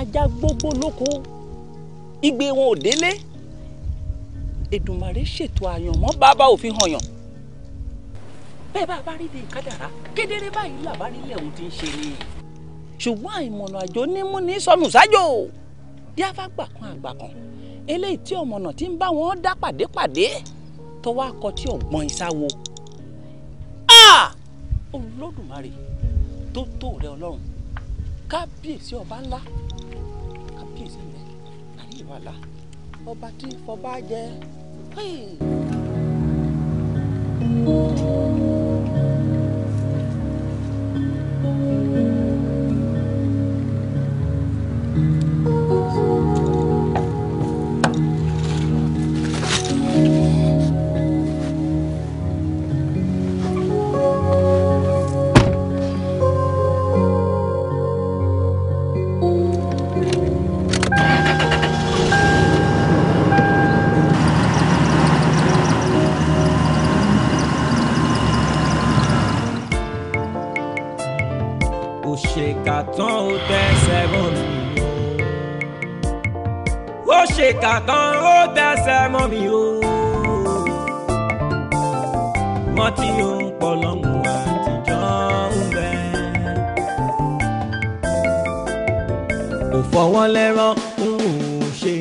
ajá gbogbo lóko igbe wọn ò délé Èdùmàrè ṣètò àyànmọ́ bàbá òfin hàn yàn bẹ́ẹ̀ bá bá rí de ìkádàrá kedere báyìí làbárí ilẹ̀ òun ti ń ṣe ni ṣùgbọ́n àìmọ̀nà àjò nímú ní sọnù a díáfá gbà kan àgbà kan eléyìí tí ọmọnà ti ń bá wọn dá pàdépàdé tó wá kọ tí ọgbọ́n ìsáwo olódùmarè tó tó rẹ ọlọ́run kábíyèsí ọba ńlá sẹ́gbẹ́ àrí ìwàlà ọba tí fọba jẹ. Hey. fọwọ́ lẹ́rán òun ò ṣe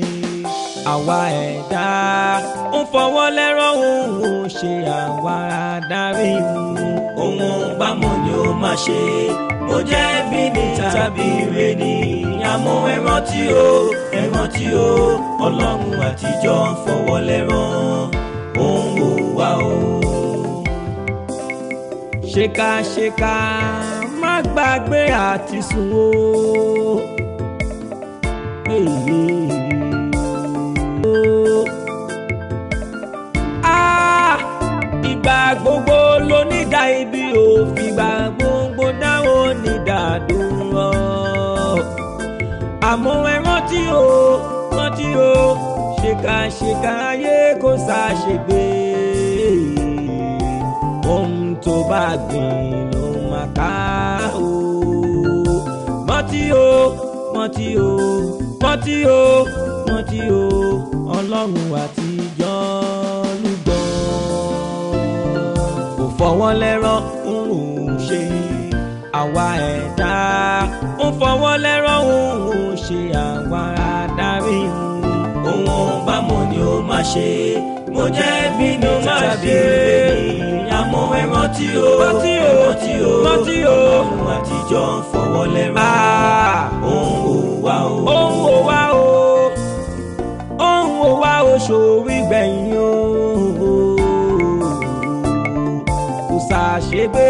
àwa ẹ̀dá ń fọwọ́ lẹ́rán òun ò ṣe àwa adarí òun bámu ni ó máa ṣe ó jẹ́ ẹbí ni tàbí ire ni àmọ́ ẹran tí ó ẹran tí ó ọlọ́run àtijọ́ ń fọwọ́ lẹ́rán òun ò wá o. ṣèkàṣèkà má gbàgbé àti sùn o. ìgbà gbogbo lónídà ibi ò fìgbà gbogbo dáhùn onídàádúró àmọ́ ẹ rántí o rántí o ṣèkàṣèkà ayé kò ṣàṣègbè ohun tó bá gbìn ló máa ká o rántí o rántí o rántí o rántí o ọlọ́run àti. fọwọ́ lẹ́rọ̀ ń ṣe àwa ẹ̀dá ń fọwọ́ lẹ́rọ̀ ń ṣe àwa adarí òun ọba mo ni ó máa ṣe mo jẹ́ bínú máa ṣe àmọ́ ẹran tí o ẹran tí o ọlọ́run àtijọ́ ń fọwọ́ lẹ́rọ̀ òun ah. ò wá o. òun ò wá o òun ò wá o ṣòwò ìgbẹ̀yìn o. àṣegbé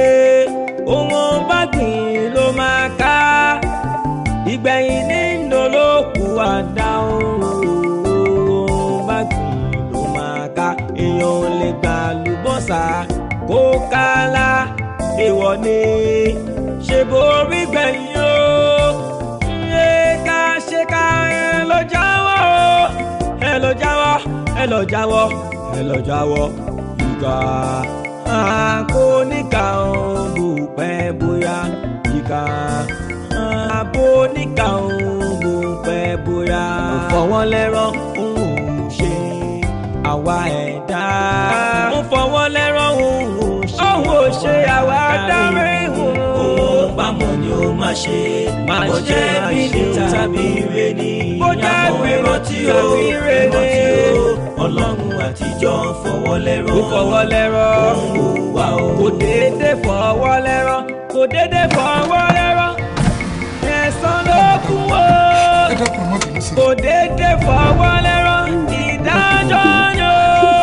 ohun bá gbìn ló máa ká ìgbẹ̀yìn ní ìdólókù àdá ohun bá gbìn ló máa ká èèyàn lè gbà lùbọ́sà kó kálá èèwọ̀ ṣe borí gbẹ̀yìn o ṣe ká ṣe ká ẹ lọ jáwọ́ ẹ lọ jáwọ́ ẹ lọ jáwọ́ ẹ lọ jáwọ́ ìgbà kò níkà òun bò pẹ́ bóyá ìkà kò níkà òun bò pẹ́ bóyá. mo fọwọ́ lẹ́rọ̀ òun ò ṣe àwa ẹ̀dá. mo fọwọ́ lẹ́rọ̀ òun ṣe àwa ẹ̀dá. òun ò ṣe àwa ẹ̀dá ó má ṣe bó jẹ́ bíbí tàbí ire ni àmọ́ ìrántí ó ìrántí ó ọlọ́run àtijọ́ fọwọ́ lẹ́rọ̀ ó fọwọ́ lẹ́rọ̀ ó wà ó kò déédéé fọwọ́ lẹ́rọ̀ kò déédéé fọwọ́ lẹ́rọ̀ ẹ̀san ló kù ó kò déédéé fọwọ́ lẹ́rọ̀ ìdájọ́ yóò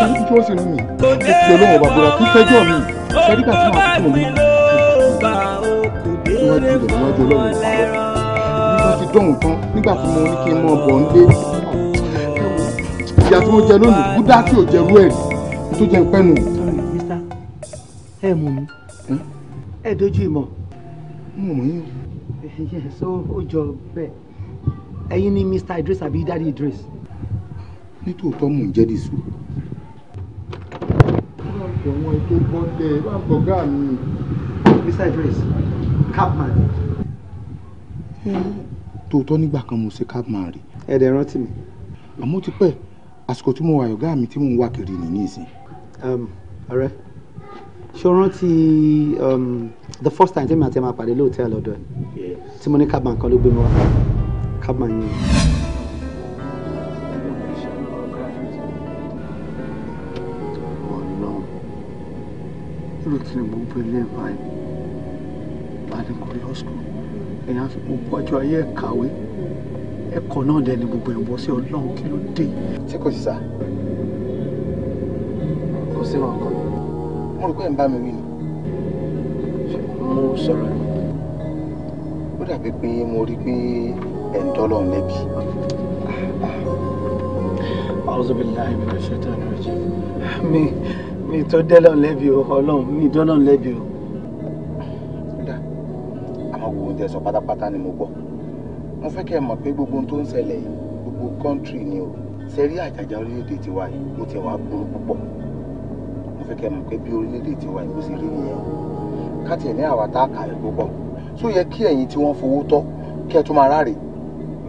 kò déédéé fọwọ́ lẹ́rọ̀ ó ló bá mi lọ síwájú rẹ̀ níwájú ọlọ́run ìpàdé nígbà tí dọ̀hún tán nígbà tí mo ní kí n mọ ọbọ̀ ń lé ìyá tí mo jẹ lónìí kúdà tí ò jẹ rú ẹ̀ tó jẹ pẹ́nu. mista ẹ mú mi hm? ẹ dojú ìmọ̀. mo mọ̀ yín o. yes ó jọ bẹ́ẹ̀ ẹ̀yin ni mr idris àbí daddy idris. nítòótọ́ mò ń jẹ́ dìsú. ọ̀pọ̀ wọn tó gbọ́ tẹ ẹ bá mi. mr idris cabman. tòótọ́ nígbà kan mo ṣe cabman rí. ẹ dẹ̀ rántí mi. àmọ́ ti pẹ́ àsìkò tí mo wà ọ̀gá mi tí mò ń wá kiri nìyí ìsìn. ọ̀rẹ́ um, ṣé o rántí um, the first time tẹ́mi àti ẹ̀ máa pàdé lóòótẹ́ àlọ́dọ̀ ẹ̀ tí mo ní cabman kan ló gbé mi wá cabman yẹn. ọlọ́run irú kí ni mo Banikore High School èèyàn fi gbogbo ọjọ́ ayé ẹ̀ kàwé ẹ̀kọ́ náà dẹ̀ ni gbogbo ẹ̀ ń bọ́ sí ọlọ́run kí ló dé. tí kò sì sá kò sí wọn kọ mo rò pé ẹ̀ ń bá mi wí ni mo sọ̀rọ̀ ni ó dàbí pé mo rí pé ẹ̀ ń dọ́lọ́ lẹ́bi. أعوذ بالله من الشيطان الرجيم mi mi tó dẹ́lọ̀ lẹ́bi o ọlọ́run mi dọ́lọ̀ lẹ́bi o tẹ̀ sọ pátápátá ni mo gbọ́ mo fẹ́ kẹ́ ẹ mọ̀ pé gbogbo ohun tó ń ṣẹlẹ̀ yìí gbogbo kọ́ńtírì ni o ṣe rí àjàjà orílẹ̀-èdè tiwa yìí ó ti wá burú púpọ̀ mo fẹ́ kẹ́ ẹ mọ̀ pé bí orílẹ̀-èdè tiwa yìí bó ṣe rí nìyẹn ká tiẹ̀ ní àwa tá a kà rẹ̀ púpọ̀ tó yẹ kí ẹ̀yin tí wọ́n fowó tọ́ kí ẹ tó máa ráre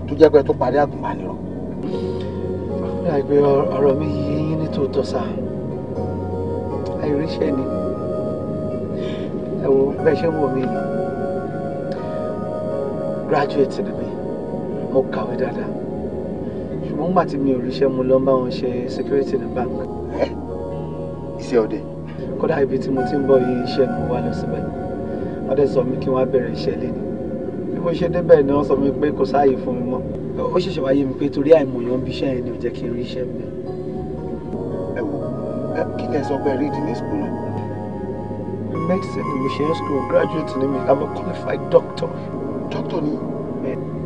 tó jẹ́ pé ẹ tó parí àgùnbánirọ̀. àgbẹ̀ ọ̀rọ̀ mi yé yín ní tòótọ́ sá àìríṣẹ́ ni ẹ̀wọ̀n bẹ́ẹ̀ ṣe wọ̀ mí yìí graduate ni mi mo kàwé dáadáa ṣùgbọ́n nígbà tí mi ò ríṣẹ́ mo lọ bá wọn ṣe security ní bank. iṣẹ́ ọdẹ. kódà ibi tí mo ti ń bọ̀ yìí iṣẹ́ ni mo wá lọ síbẹ̀ wọ́n dẹ̀ sọ mí kí wọ́n á bẹ̀rẹ̀ iṣẹ́ lẹ́nu bí mo ṣe débẹ̀ ni wọ́n sọ mí pé kò sáàyè fún mi mọ́ ó ṣẹ̀ṣẹ̀ wáyé mi pé torí àìmọ̀yàn bí iṣẹ́ yẹn ni ò jẹ́ kí n rí iṣẹ́ mi. ẹ wo kíkẹ́ sọ pé rí ìdílé school náà. medicine ni mo ṣe ń school graduate ni mi I'm a qualified doctor dókítà ni.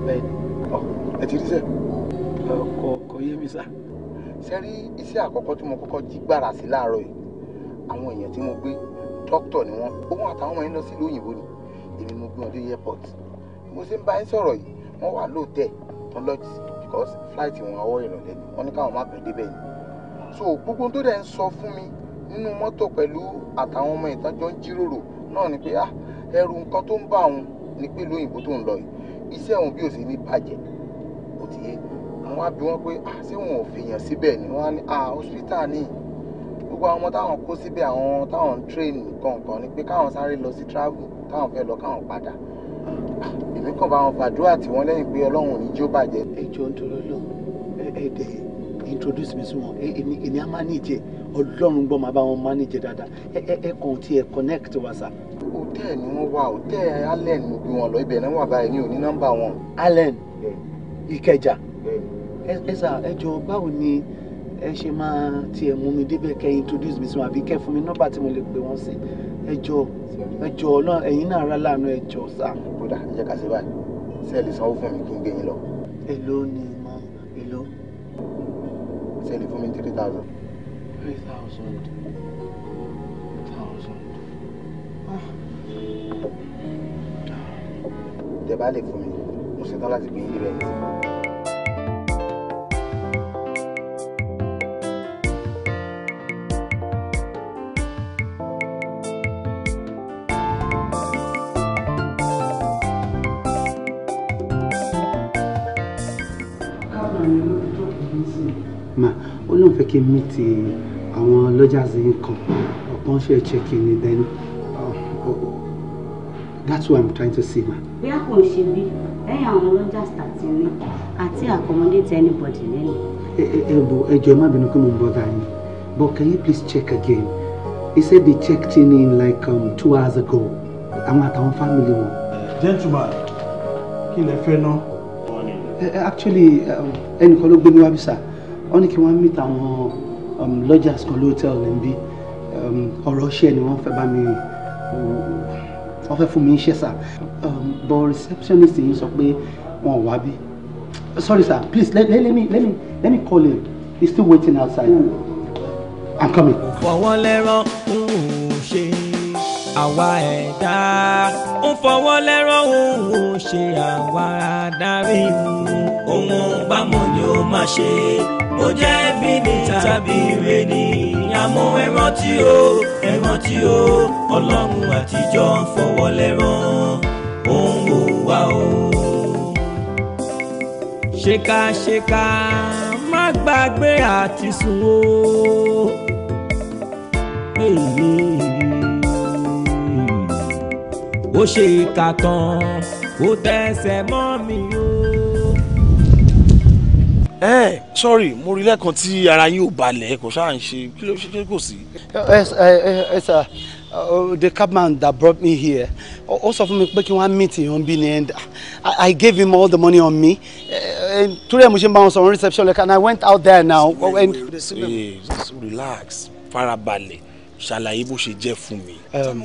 bẹ́ẹ̀ ẹ ti rí sẹ. kò kò yé mi sá. sẹ́rí iṣẹ́ àkọ́kọ́ tí mo kọ́kọ́ jí gbàrà sí láàárọ̀ yìí àwọn èèyàn tí mo gbé dókítà ni wọ́n òun àtàwọn ọmọ yẹn lọ sílùú òyìnbó ni èmi mo gbé wọn dé airport mo ṣe ń bá yín sọ̀rọ̀ yìí wọ́n wà lóòótẹ́ tán lọ́jì because flight wọn ọwọ́ ìrọ̀lẹ́ ni wọ́n ní káwọn má pẹ́ débẹ̀ ni so gbogbo tó dẹ̀ ń sọ fún mi nínú mọ́tò pẹ̀lú àtàwọn ọmọ ìtàn jọ ń jíròrò náà ni pé ah, ẹrù nǹkan tó ń bá òun ni pé ìlú òyìnbó tó ń lọ yìí iṣẹ́ àwọn bí ò sí ní bàjẹ́ kò tí yé àwọn àbí wọn pé ah, ṣé wọn ò fèèyàn síbẹ̀ ni wọ́n á ní ah, hospital ní gbogbo àwọn ọmọ táwọn kó síbẹ̀ àwọn táwọn ń train kọ̀ọ̀kan ni pé káwọn sáré lọ sí travel táwọn fẹ́ lọ káwọn padà ah, èmi kàn bá wọn fàdúrà tí wọ́n lẹ́yìn pé ọlọ́run ò ní jó bàjẹ́. ẹjọ ń tọrọ lọ ẹ dẹ introduce me sí wọn èmi èmi á máa ní ìjẹ ọlọ́run gbọ́ máa bá wọn máa ní ìjẹ dáadáa ẹ ẹ kàn tí ẹ connect wa sá hòtẹ́ẹ̀ ni wọ́n wà hòtẹ́ẹ̀ allen mo bí wọn lọ ibẹ̀ náà wà báyìí mi ò ní nọ́mbà wọn. allen ìkẹjà ẹ sà báwo ni ẹ ṣe máa tiẹ̀ mú mi débẹ̀ kẹ́ introduce mi sí wọn àbí kẹ́ fún mi nọ́mbà tí mo lè pè wọ́n sí ẹ jọ ẹ jọ náà ẹ̀yin náà rà láàánú ẹ jọ sà. kódà ẹ jẹ́ ká ṣe báyìí sẹ́ẹ̀lì sanwó fún mi kí n gbé yín lọ. èló ni mo èló. sẹ́ẹ̀lì fún mi three thousand. three thousand. thousand. Ah tẹ́ bá lè fún mi mo ṣetán láti gbé yín débẹ̀ yìí. lóun fẹ́ kí n mìtì àwọn lọ́jà sí nǹkan ọ̀pọ̀ ń ṣe check-in ní that's what i'm trying to see, ma. bí a kò ṣe bí lẹ́yìn àwọn ọlọ́jà start ni àti accommodate anybody lẹ́nu. ẹ ẹ bọ ẹ jọ̀ọ́ ẹ má bínú pé mo ń bother yín but can you please check again he said they checked in in like um, two hours ago àwọn àtàwọn family wọn. gentleman kí lẹ fẹ́ ná. actually um, ẹnìkan ló gbé mi wá bí sà wọ́n ní kí wọ́n meet àwọn um, lodgers kan lóòótọ́ ọ̀lẹ́ńbí um, ọ̀rọ̀ ṣẹ́ ni wọ́n fẹ́ bá mi wọ́n fẹ́ fún mi iṣẹ́ sà um, but receptionist yìí sọ pé wọn wá bí sorry sir please let, let, let me let me let me call him he's still waiting outside i'm coming. fọwọ́ lẹ́rọ̀ ń ṣe àwa ẹ̀dá ń fọwọ́ lẹ́rọ̀ ń ṣe àwa adarí ohun bámu ni ó máa ṣe ó jẹ́ bí ní tàbí rẹ̀ àmọ́ ẹ rántí o ẹ rántí o ọlọ́run àtijọ́ ń fọwọ́ lẹ́rán ó ń wò wá o. ṣèkàṣèkà má gbàgbé àti sùn o. ó ṣe ìkà ó tẹsẹ̀ mọ́ mi o ẹ sorry mo rí lẹ́ẹ̀kan tí ara yín ò balẹ̀ kò ṣáà ń ṣe kí ló ṣe kò sí. ẹ sà uh, the cabman that brought me here ó sọ fún mi pé kí wọ́n á meet èèyàn bí ni and I, I gave him all the money on me torí ẹ̀ mo ṣe ń bá wọn sọ̀rọ̀ reception like and I went out there now. And... Hey, relax farabalẹ̀ ṣàlàyé bó ṣe jẹ́ fún mi. Um,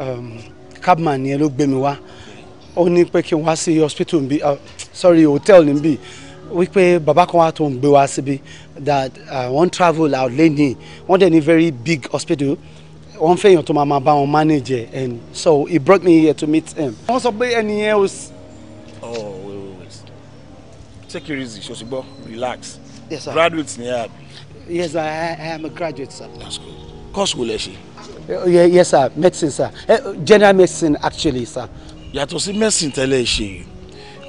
um, cabman yẹn ló gbé mi wá ó ní pé kí n wá sí hospital nbí uh, sorry hotel nbí wípé bàbá kan wà tó ń gbé wa síbi that uh, wọ́n uh, travel out lẹ́nìí wọ́n dẹ̀ ní very big hospital wọ́n fẹ́ èèyàn tó máa máa bá wọn manage ẹ̀ and so he brought me here to meet him. wọ́n sọ pé ẹni yẹn ó. oh wait wait wait take it easy ṣòṣùgbọ́ relax yes, sir. graduate ni ẹ yes sir I, i am a graduate sir. that's good course wo lẹ ṣe. Uh, yes sir medicine sir uh, general medicine actually sir. yàtọ̀ sí medicine tẹ́lẹ̀ ṣe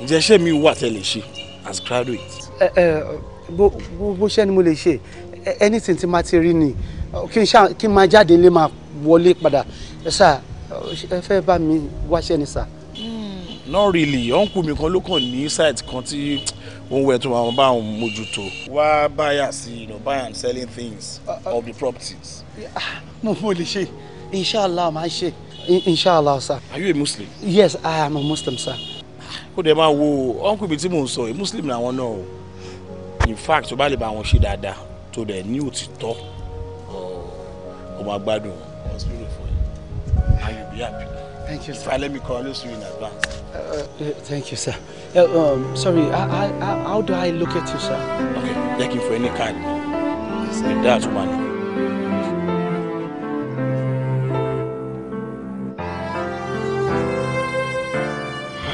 ǹjẹ́ ṣé mi wà tẹ́lẹ̀ ṣe as graduates. ẹ ẹ bó bó ṣe ni mo lè ṣe anything tí máa ti rí ni kí n ṣá kí n máa jáde lé máa wọlé padà ṣá ẹ fẹ́ bá mi wáṣẹ́ ni ṣá. Hmm. not really uncle mi kan ló kàn ní site kan tí òun wẹ̀ tó àwọn bá òun mójútó. wá báyà sí buy and selling things uh, uh, of the properties. Ah, mo mo lè ṣe inshallah máa ṣe inshallah sir. are you a muslim. yes i am a muslim sir ó dẹ̀ máa wo ọ́nkù ibi tí mò ń sọ yìí muslim làwọn náà o in fact tó bá lè bá wọn ṣe dáadáa tó dẹ̀ ní òtítọ́ ọmọ agbádùn Thank you, sir. Uh, uh, thank you, sir. Uh, um, sorry, I, I, I, how do I look at you, sir? Okay, thank you for any kind. Yes, sir. With money.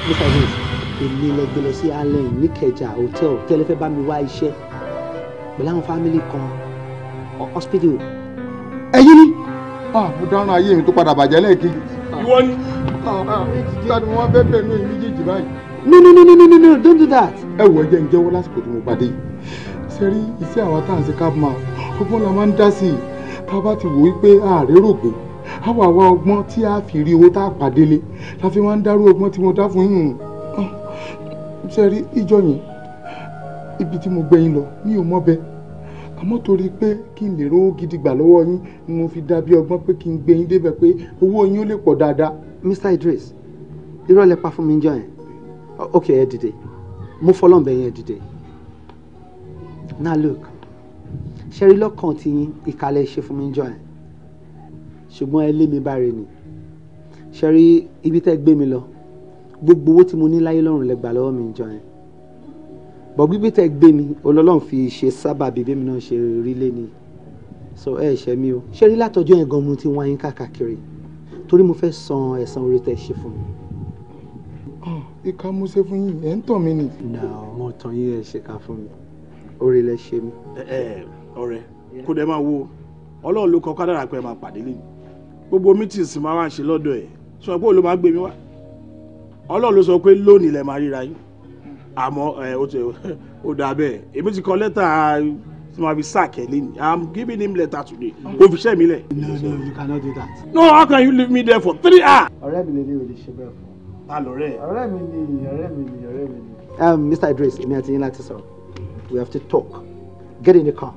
Look at this èmi lẹ gbé lọ sí allen níkẹjà hotel tẹ́lẹ̀ fẹ́ bá mi wá iṣẹ́ pẹ̀lú àwọn fámìlì kan hospital. ẹ̀yin ni. mo dáràn ayé mi tó padà bàjẹ́ lẹ́ẹ̀kejì. ìwọ ni. ta ni wọn fẹ́ bẹ̀rù èmi méjèèjì báyìí. no no no no no no don't do that. ẹ wọ ẹjẹ ń jẹ́wọ́ lásìkò tí mo pàdé yìí ṣe iṣẹ́ àwọn tá à ń ṣe kábùmá ọgbọ́n la máa ń dá sí i tá a bá ti wò ó pé ààrẹ rògbòn àwa àwa ọgbọ́n tí a fi rí owó tá a pàdé lé la fi máa ń dárú ọgbọ́n tí mo dá fún yìnyín ṣe rí ìjọ yẹn ibi tí mo gbé yín lọ mi ò mọ̀ bẹ́ẹ̀ àmọ́ torí pé kí n lè rówó gidi gbà lọ́wọ́ yín ni mo fi dá ọgbọ́n pé kí n gbé débẹ̀ pé owó yín ó lè pọ̀ dáadáa. Mr Idris irọ́ pa fún mi jọ yẹn ok ẹ dìde mo fọlọ́n bẹ yẹn dìde now look ṣẹ́rí lọ́kàn tí yín ìkàlẹ̀ ṣe fún mi jọ yẹn ṣùgbọ́n ẹ lé mi bá rè ni ṣẹ́rí ibi tẹ́ gbé mi lọ gbogbo owó tí mo ní láyé lọ́rùn lẹ gbà lọ́wọ́ mi jọ yẹn bọ̀ gbígbé tẹ gbé mi ọlọ́run fi ṣe sábà bíbí mi náà ṣe rí lé ni so ẹ ṣe mí o ṣe rí látọjọ́ yẹn gan mo ti wá yín káàkiri torí mo fẹ́ san ẹ̀san orí tẹ ṣe fún mi. Ah, ìka mo ṣe fún yín ẹ̀ ń tàn mí ni. nà ọmọ tán yín ẹ ṣe ká fún mi orí lẹ ṣe mí. ẹ ẹ ọ̀rẹ́ kó dẹ máa wo ọlọ́run ló kọ kádàrà pé ẹ máa pàdé lẹ́yìn gbogbo mítìsì máa wá ṣe lọ́dọ̀ ẹ̀ sọ pé òun ló máa gbé mi wá ọlọ́run ló sọ pé lónìí lẹ máa ríra yín àmọ́ ẹ ó ti ó dà bẹ́ẹ̀ èmi ti kọ lẹ́tà tí màá fi sack ẹ i'm giving him letter today o fi ṣẹ́ mi lẹ̀. no no you cannot do that. no how can you leave me there for three hours. ọ̀rẹ́ mi lè ní òde ṣe bẹ́ẹ̀ fún. ta lọ́rẹ́. ọ̀rẹ́ mi ni ọ̀rẹ́ mi ni ọ̀rẹ́ mi ni. mr um, idris èmi àti yín láti sọ̀rọ̀ we have to talk get in the car.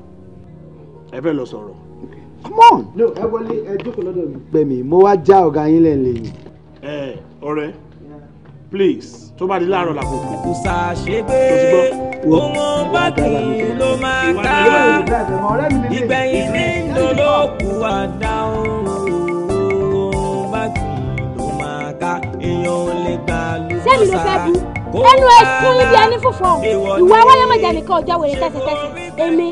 ẹ fẹ́ lọ sọ̀rọ̀. come on. no ẹ wọlé ẹ jókòó lọ́dọ̀ mi. gbẹ̀mí mo wá já ọ̀gá yín lẹ́yìn. ẹ ọ̀rẹ́ please tó bá di láàárọ̀ làkó pè. kò ṣàṣegbé ohun bákì ló máa ta ìgbẹ̀yìn ní ìdólókù àdá ohun bákì ló máa ta èèyàn ò lè gbà lùsà kó wá ẹnu ẹsùn níbi ẹni fúnfọ ìwà wáyé mọ̀jà nìkan ọjọ́ wèrè tẹ́sẹ̀tẹ́sẹ̀ èmi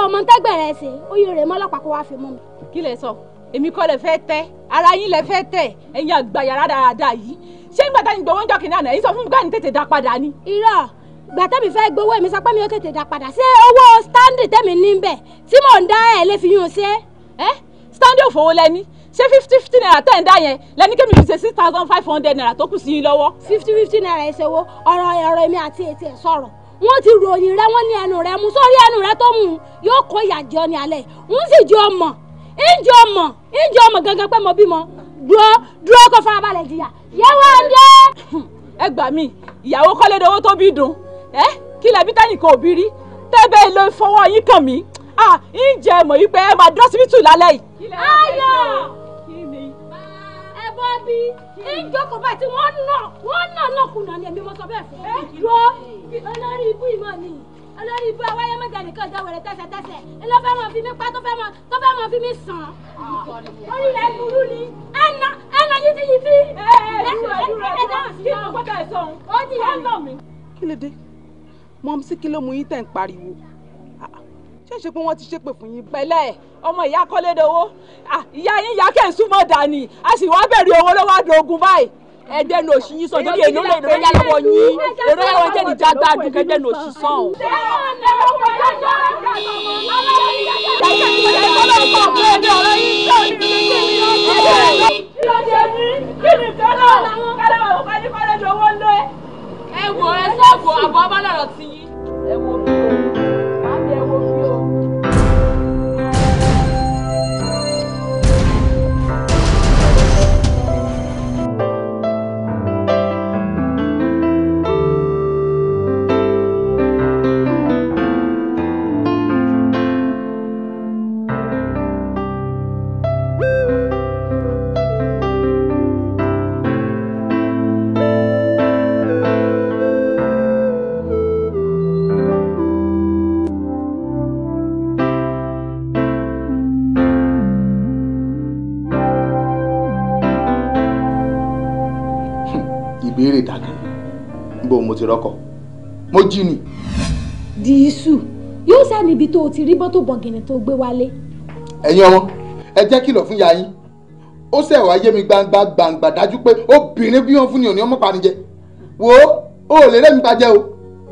ọmọ ntẹ́gbẹ̀rẹ̀ ẹsẹ̀ oyè rẹ̀ mọ́lọ́pàá kó wá fi mú mi. kí lẹ sọ èmi kọ́ lẹ fẹ́ tẹ́ ara yín lẹ fẹ́ tẹ́ ẹ̀yin àgbàyà rádaràda yìí ṣé nígbà táyìn gbowó ń jọ kìnìún àná yìí sọ fún gbàǹ tètè dá padà ni. irọ́ gbà tẹ́mi fẹ́ gbowó mi sọ pé mi ò tètè dá padà ṣé owó stanley tẹ́mi ní bẹ̀ tí mò ń dá ẹ̀ lè fi yún un ṣe. stanley òfowó lẹni ṣé fifty fifty naira tẹ́ ń dá yẹn lẹ́ni kí mi fi ṣe six thousand five hundred naira tó kù sí i lọ́wọ́. fifty fifty naira ìṣòwò ọ̀rọ̀ ọ̀rọ̀ èmi àti ètí ẹ̀ sọ̀rọ̀ wọ́n ti ròyìn rẹ wọ́n ní ẹnu rẹ mú sórí ẹnu rẹ tó mú yóò kó ìyàjọ ní alẹ́ ń sì jọ mọ̀ ń jọ mọ̀ ń jọ mọ̀ gangan pé mo bímọ dúró dúró kó farabalẹ̀ jìyà Yéwándé. ẹ gbà mí ìyàwó kọ́lé dowó tó bí dùn ẹ kí lẹ́bí tẹ́nìkan ò bí rí tẹ́bẹ̀ ló fọwọ́ yín kàn mí ń jẹ́ mọ̀ yí pé ẹ máa dọ́sibítù lálẹ́ yìí. ayọ̀ ẹ bọ́ bí ìjókòó báyìí tí wọ́n nà wọ́n nà náà kùnà ni ẹ̀mí mo sọ bẹ́ẹ̀ fún ẹ. ẹ dúró olórí ibú ìmọ̀ nìyí olórí ibú awáyé mọ̀jà nìkan jẹ́ wẹ̀rẹ̀ tẹ́sẹ̀tẹ́sẹ̀ ló fẹ́ mọ̀ fi mí pa tó fẹ́ mọ̀ tó fẹ́ mọ̀ fi mí sàn. orí rẹ̀ burú ni ẹnà ẹnà yìí yìí fi. ẹ ẹ dúró dúró ẹ dá kí ló gbọ́dọ̀ ẹ sọhun ó ti yá lọ mi. kí ló dé mọ sí kí ló mú yín tẹ̀ ń pariwo ṣé ṣe pé wọ́n ti ṣépè fún yín pẹ̀lẹ́ ẹ̀ ọmọ ìyá kọ́lédowó ìyá yín ìyá kẹ́ ń súnmọ́ dání a sì wá bẹ̀rẹ̀ owó lọ́wọ́ àdógún báyìí ẹgbẹ́ ní òsì yín sàn torí èyí ló lè lọ yá lọ́wọ́ yín lọ́dọ̀ yá wọ́n jẹ́ ìjà gbádùn kẹgbẹ́ ní òsì sàn. ẹ wò ẹ sọ́ọ̀bù àbọ̀ abálọ̀rọ̀ ti yín. ti rọ́kọ̀ mo jí ni. diisu yóò sá níbi tó o ti rí bọ́tò bọ̀gìnì tó gbé wálé. ẹ̀yin ọmọ ẹ jẹ́ kìlọ̀ fún yaayin ó ṣẹ̀ wá yé mi gbangba gbangba dájú pé obìnrin bí wọ́n fún ni òní ọmọ panijẹ wo ó lè rẹ́mi pajẹ o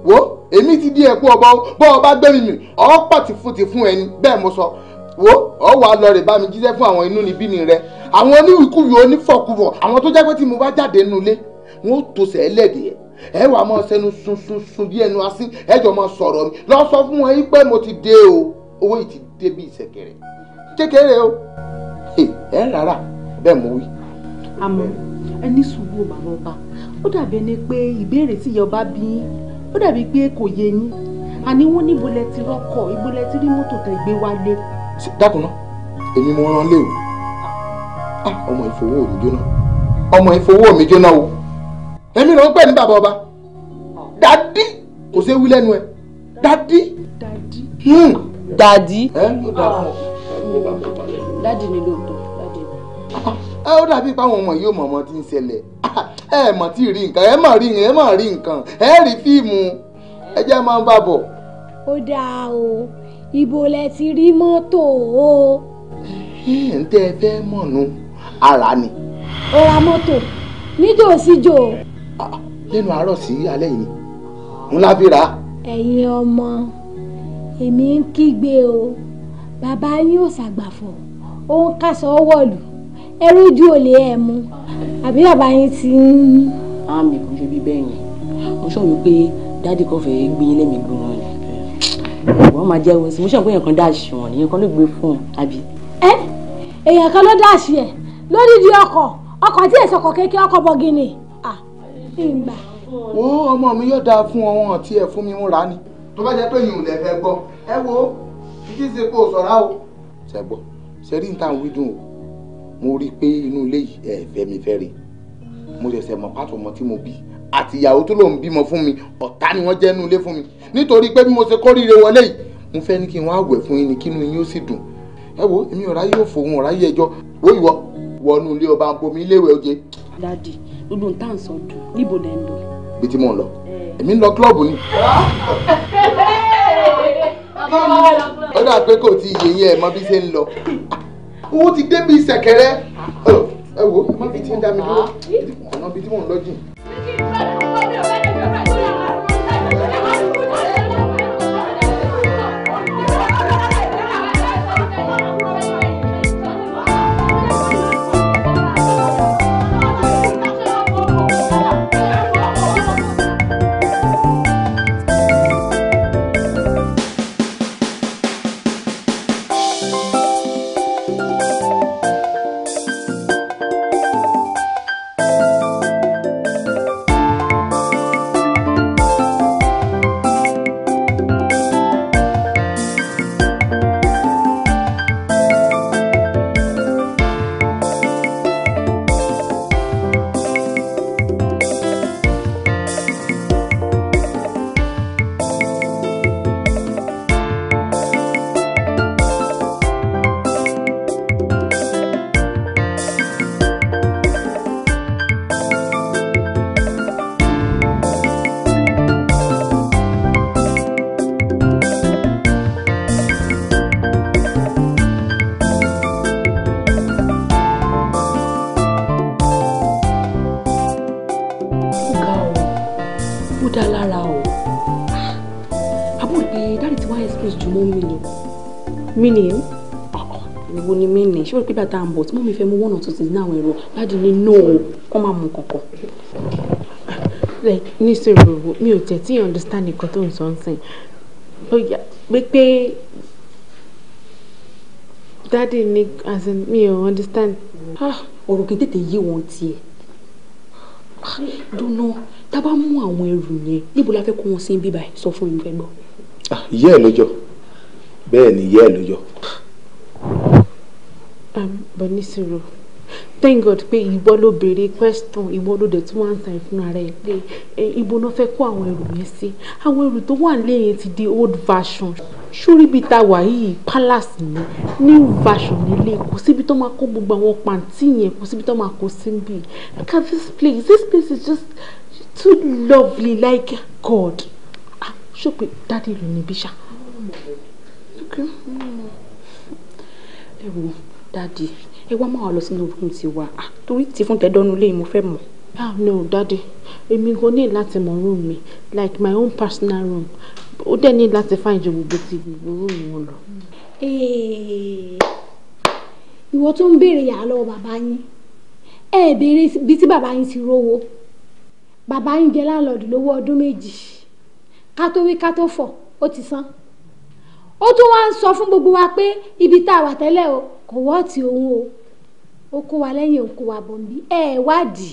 wo èmi ti di ẹ̀kú ọba o bọ́ ọba gbẹ̀mí mi ọ̀pọ̀ ti fún ti fún ẹni bẹ́ẹ̀ mo sọ wo ọ wà lọ rè bá mi jíṣẹ́ fún àwọn inú níbí ni rẹ àwọn oníwìkúwì onífọ̀kúfọ̀ àwọn tó jẹ́ pé tí mo bá jáde nulẹ̀ wọn ò tó sẹ́ ẹlẹ́dẹ̀ẹ́ ẹ wàá mọ sẹ́nu sunsunsun bí ẹnu asín ẹ jọ mọ sọ̀rọ̀ mi lọ sọ fún wọn pé mo ti dé o owó yìí ti dé bí ìṣẹ̀kẹ̀rẹ̀ kékeré o ẹ rárá bẹ́ẹ̀ mo wí. àmọ́ ẹ ní sùúrù bàbá ọba ó dàbí ẹni pé ìbéèrè tí ìyá ọba bí ó dàbí pé kò yé yín àní wọn níbo lẹ ti rọkọ ibo lẹ ti rí mọ́tò tẹ gbé wálé. dákun náà èmi mo rán lé o ah, ọmọ ìfowó mi jóná ọmọ ìfowó mi jóná o èmi ló ń pè ní bàbá ọba oh. dadi kò ṣe wí lẹ́nu ẹ dadi. dadi. dadi. dadi ni lóòótọ́ dadi. ẹ ó dàbí pé àwọn ọmọ yìí ò mọ̀ ọmọ tí ń ṣẹlẹ̀ ẹ mọ̀ tí rí nǹkan ẹ mọ̀ rí nǹkan ẹ mọ̀ rí nǹkan ẹ rí fíìmù ẹ jẹ́ máa ń bá bọ̀. ó dáa o ibo lẹ ti rí mọ́tò o. ń tẹ́ ẹ fẹ́ mọ̀ nù ara ni. ó ra mọ́tò nítòsíjò lẹ́nu àárọ̀ sí alẹ́ yìí ń lábìrà. ẹ̀yin ọmọ èmi ń kígbe o bàbá yín ò ṣàgbàfọ̀ ó ń kásọ wọ̀lù ẹrú ju olè ẹ̀ mu àbí bàbá yín ti ń. àmì kò ṣe bí bẹ́ẹ̀ yẹn mo sọ wípé dáàdì kan fẹ́ gbin ilé mi gbóná ni wọ́n máa jẹ́ wọ́n sí mo sọ pé èèyàn kan dáàṣì wọ̀n nìyẹn kan ló gbé fún un àbí. ẹ èèyàn kan ló dáàṣì ẹ lórí di ọkọ̀ ọkọ̀ tí èso ọkọ̀ kékeré ọkọ̀ bọ̀gìnì ìgbà. wo ọmọ mi yóò dáa fún ọ wọn àti ẹ fún mi múra ni. tó bá jẹ́ pé yìnyín lẹ fẹ́ gbọ́ ẹ wo kí ṣe kó sọ̀rá o. ṣe gbọ́ ṣe rí nǹkan wí dùn o mo rí i pé inú ilé yìí ẹ fẹ́ mi fẹ́ rí mo ṣẹ̀ṣẹ̀ mọ̀ pàtó ọmọ tí mo bí àti ìyàwó tó lòun bímọ fún mi ọ̀tá ni wọ́n jẹ́ inú ilé fún mi nítorí pé bí mo ṣe kórìíre wọlé yìí mo fẹ́ ní kí n wá wẹ̀ fún yín ni kínú yín ó sì dùn ẹ wo èmi ọ̀rá yóò fòun ọ̀rá yẹ ẹjọ́ wo ìwọ wọnú ilé ọba bomi iléèwé oje. dadi gbogbo n tá à ń sọ dùn níbo lẹ ń lọ. bí tí mò ń lọ èmi ń lọ kílọ̀bù ni. ó dà pé kò tí ì yé yẹn ẹ mọ bí ṣe ń lọ owó ti dé bí ṣẹ̀kẹ̀rẹ̀ ẹ wò ó mọ bí tí ń dá mi dúró ọ̀nà bí tí mò ń lọ jìn. ìwo ni mí nì ṣé o rí pé bàtà ń bọ̀ tí mọ́mí fẹ́ mú one or two things náà àwọn èrò dáàdì ní no kó má mú kankan. like ní sọ̀rọ̀ mi ò tẹ̀ tí understand nǹkan tó ń sọ ń sìn pé pé dáàdì ní as in mi ò understand. Ah, ọ̀rọ̀ kì í tètè yí wọn tiẹ̀ ah, dùnà tá a bá mú àwọn ẹrù yẹn níbo la fẹ́ kó wọn sí bíbá ẹ̀ sọ fún mi fẹ́ gbọ́. Ah, yẹ́ ẹ̀ lójọ́ bẹ́ẹ̀ ni yẹ́ ẹ̀ lójọ́ bọ́ thank god pé ìwọ ló béèrè question ìwọ ló dẹ̀ tún wá ń ta ìfúnra rẹ̀ pé ibo náà fẹ́ kó àwọn ẹrù yẹn sí àwọn ẹrù tó wà lẹ́yìn ti di old version sórí ibi tá a palace ni new version nílé kò síbi tó máa kó gbogbo àwọn pàǹtí yẹn kò síbi tó máa kó síbi look at this place this place is just too lovely like god ah ṣó pé dáàdi ìlú níbí ṣá. ẹ wo dadi ẹ wá máa lọ sínú room tiwa ah, torí tí fún tẹ́dọ́nù lé mo fẹ́ mọ̀. ah no dadi èmi gan ní láti mọ room mi like my own personal room ó dẹ̀ ní láti find ju gbogbo ti gbogbo room wọn lọ. ìwọ tó ń béèrè yàrá lọ́wọ́ bàbá yín ẹ béèrè bí tí bàbá yín ti rówó bàbá yín jẹ láńlọ́ọ̀dù lówó ọdún méjì ká tó wí ká tó fọ̀ ó ti san ó tún wá ń sọ fún gbogbo wa pé ibi tá a wà tẹ́lẹ̀ o kò wọ́ọ̀tì òun o ó kó wa lẹ́yìn òun kó wa bọ̀ nbí ẹ ẹ wádìí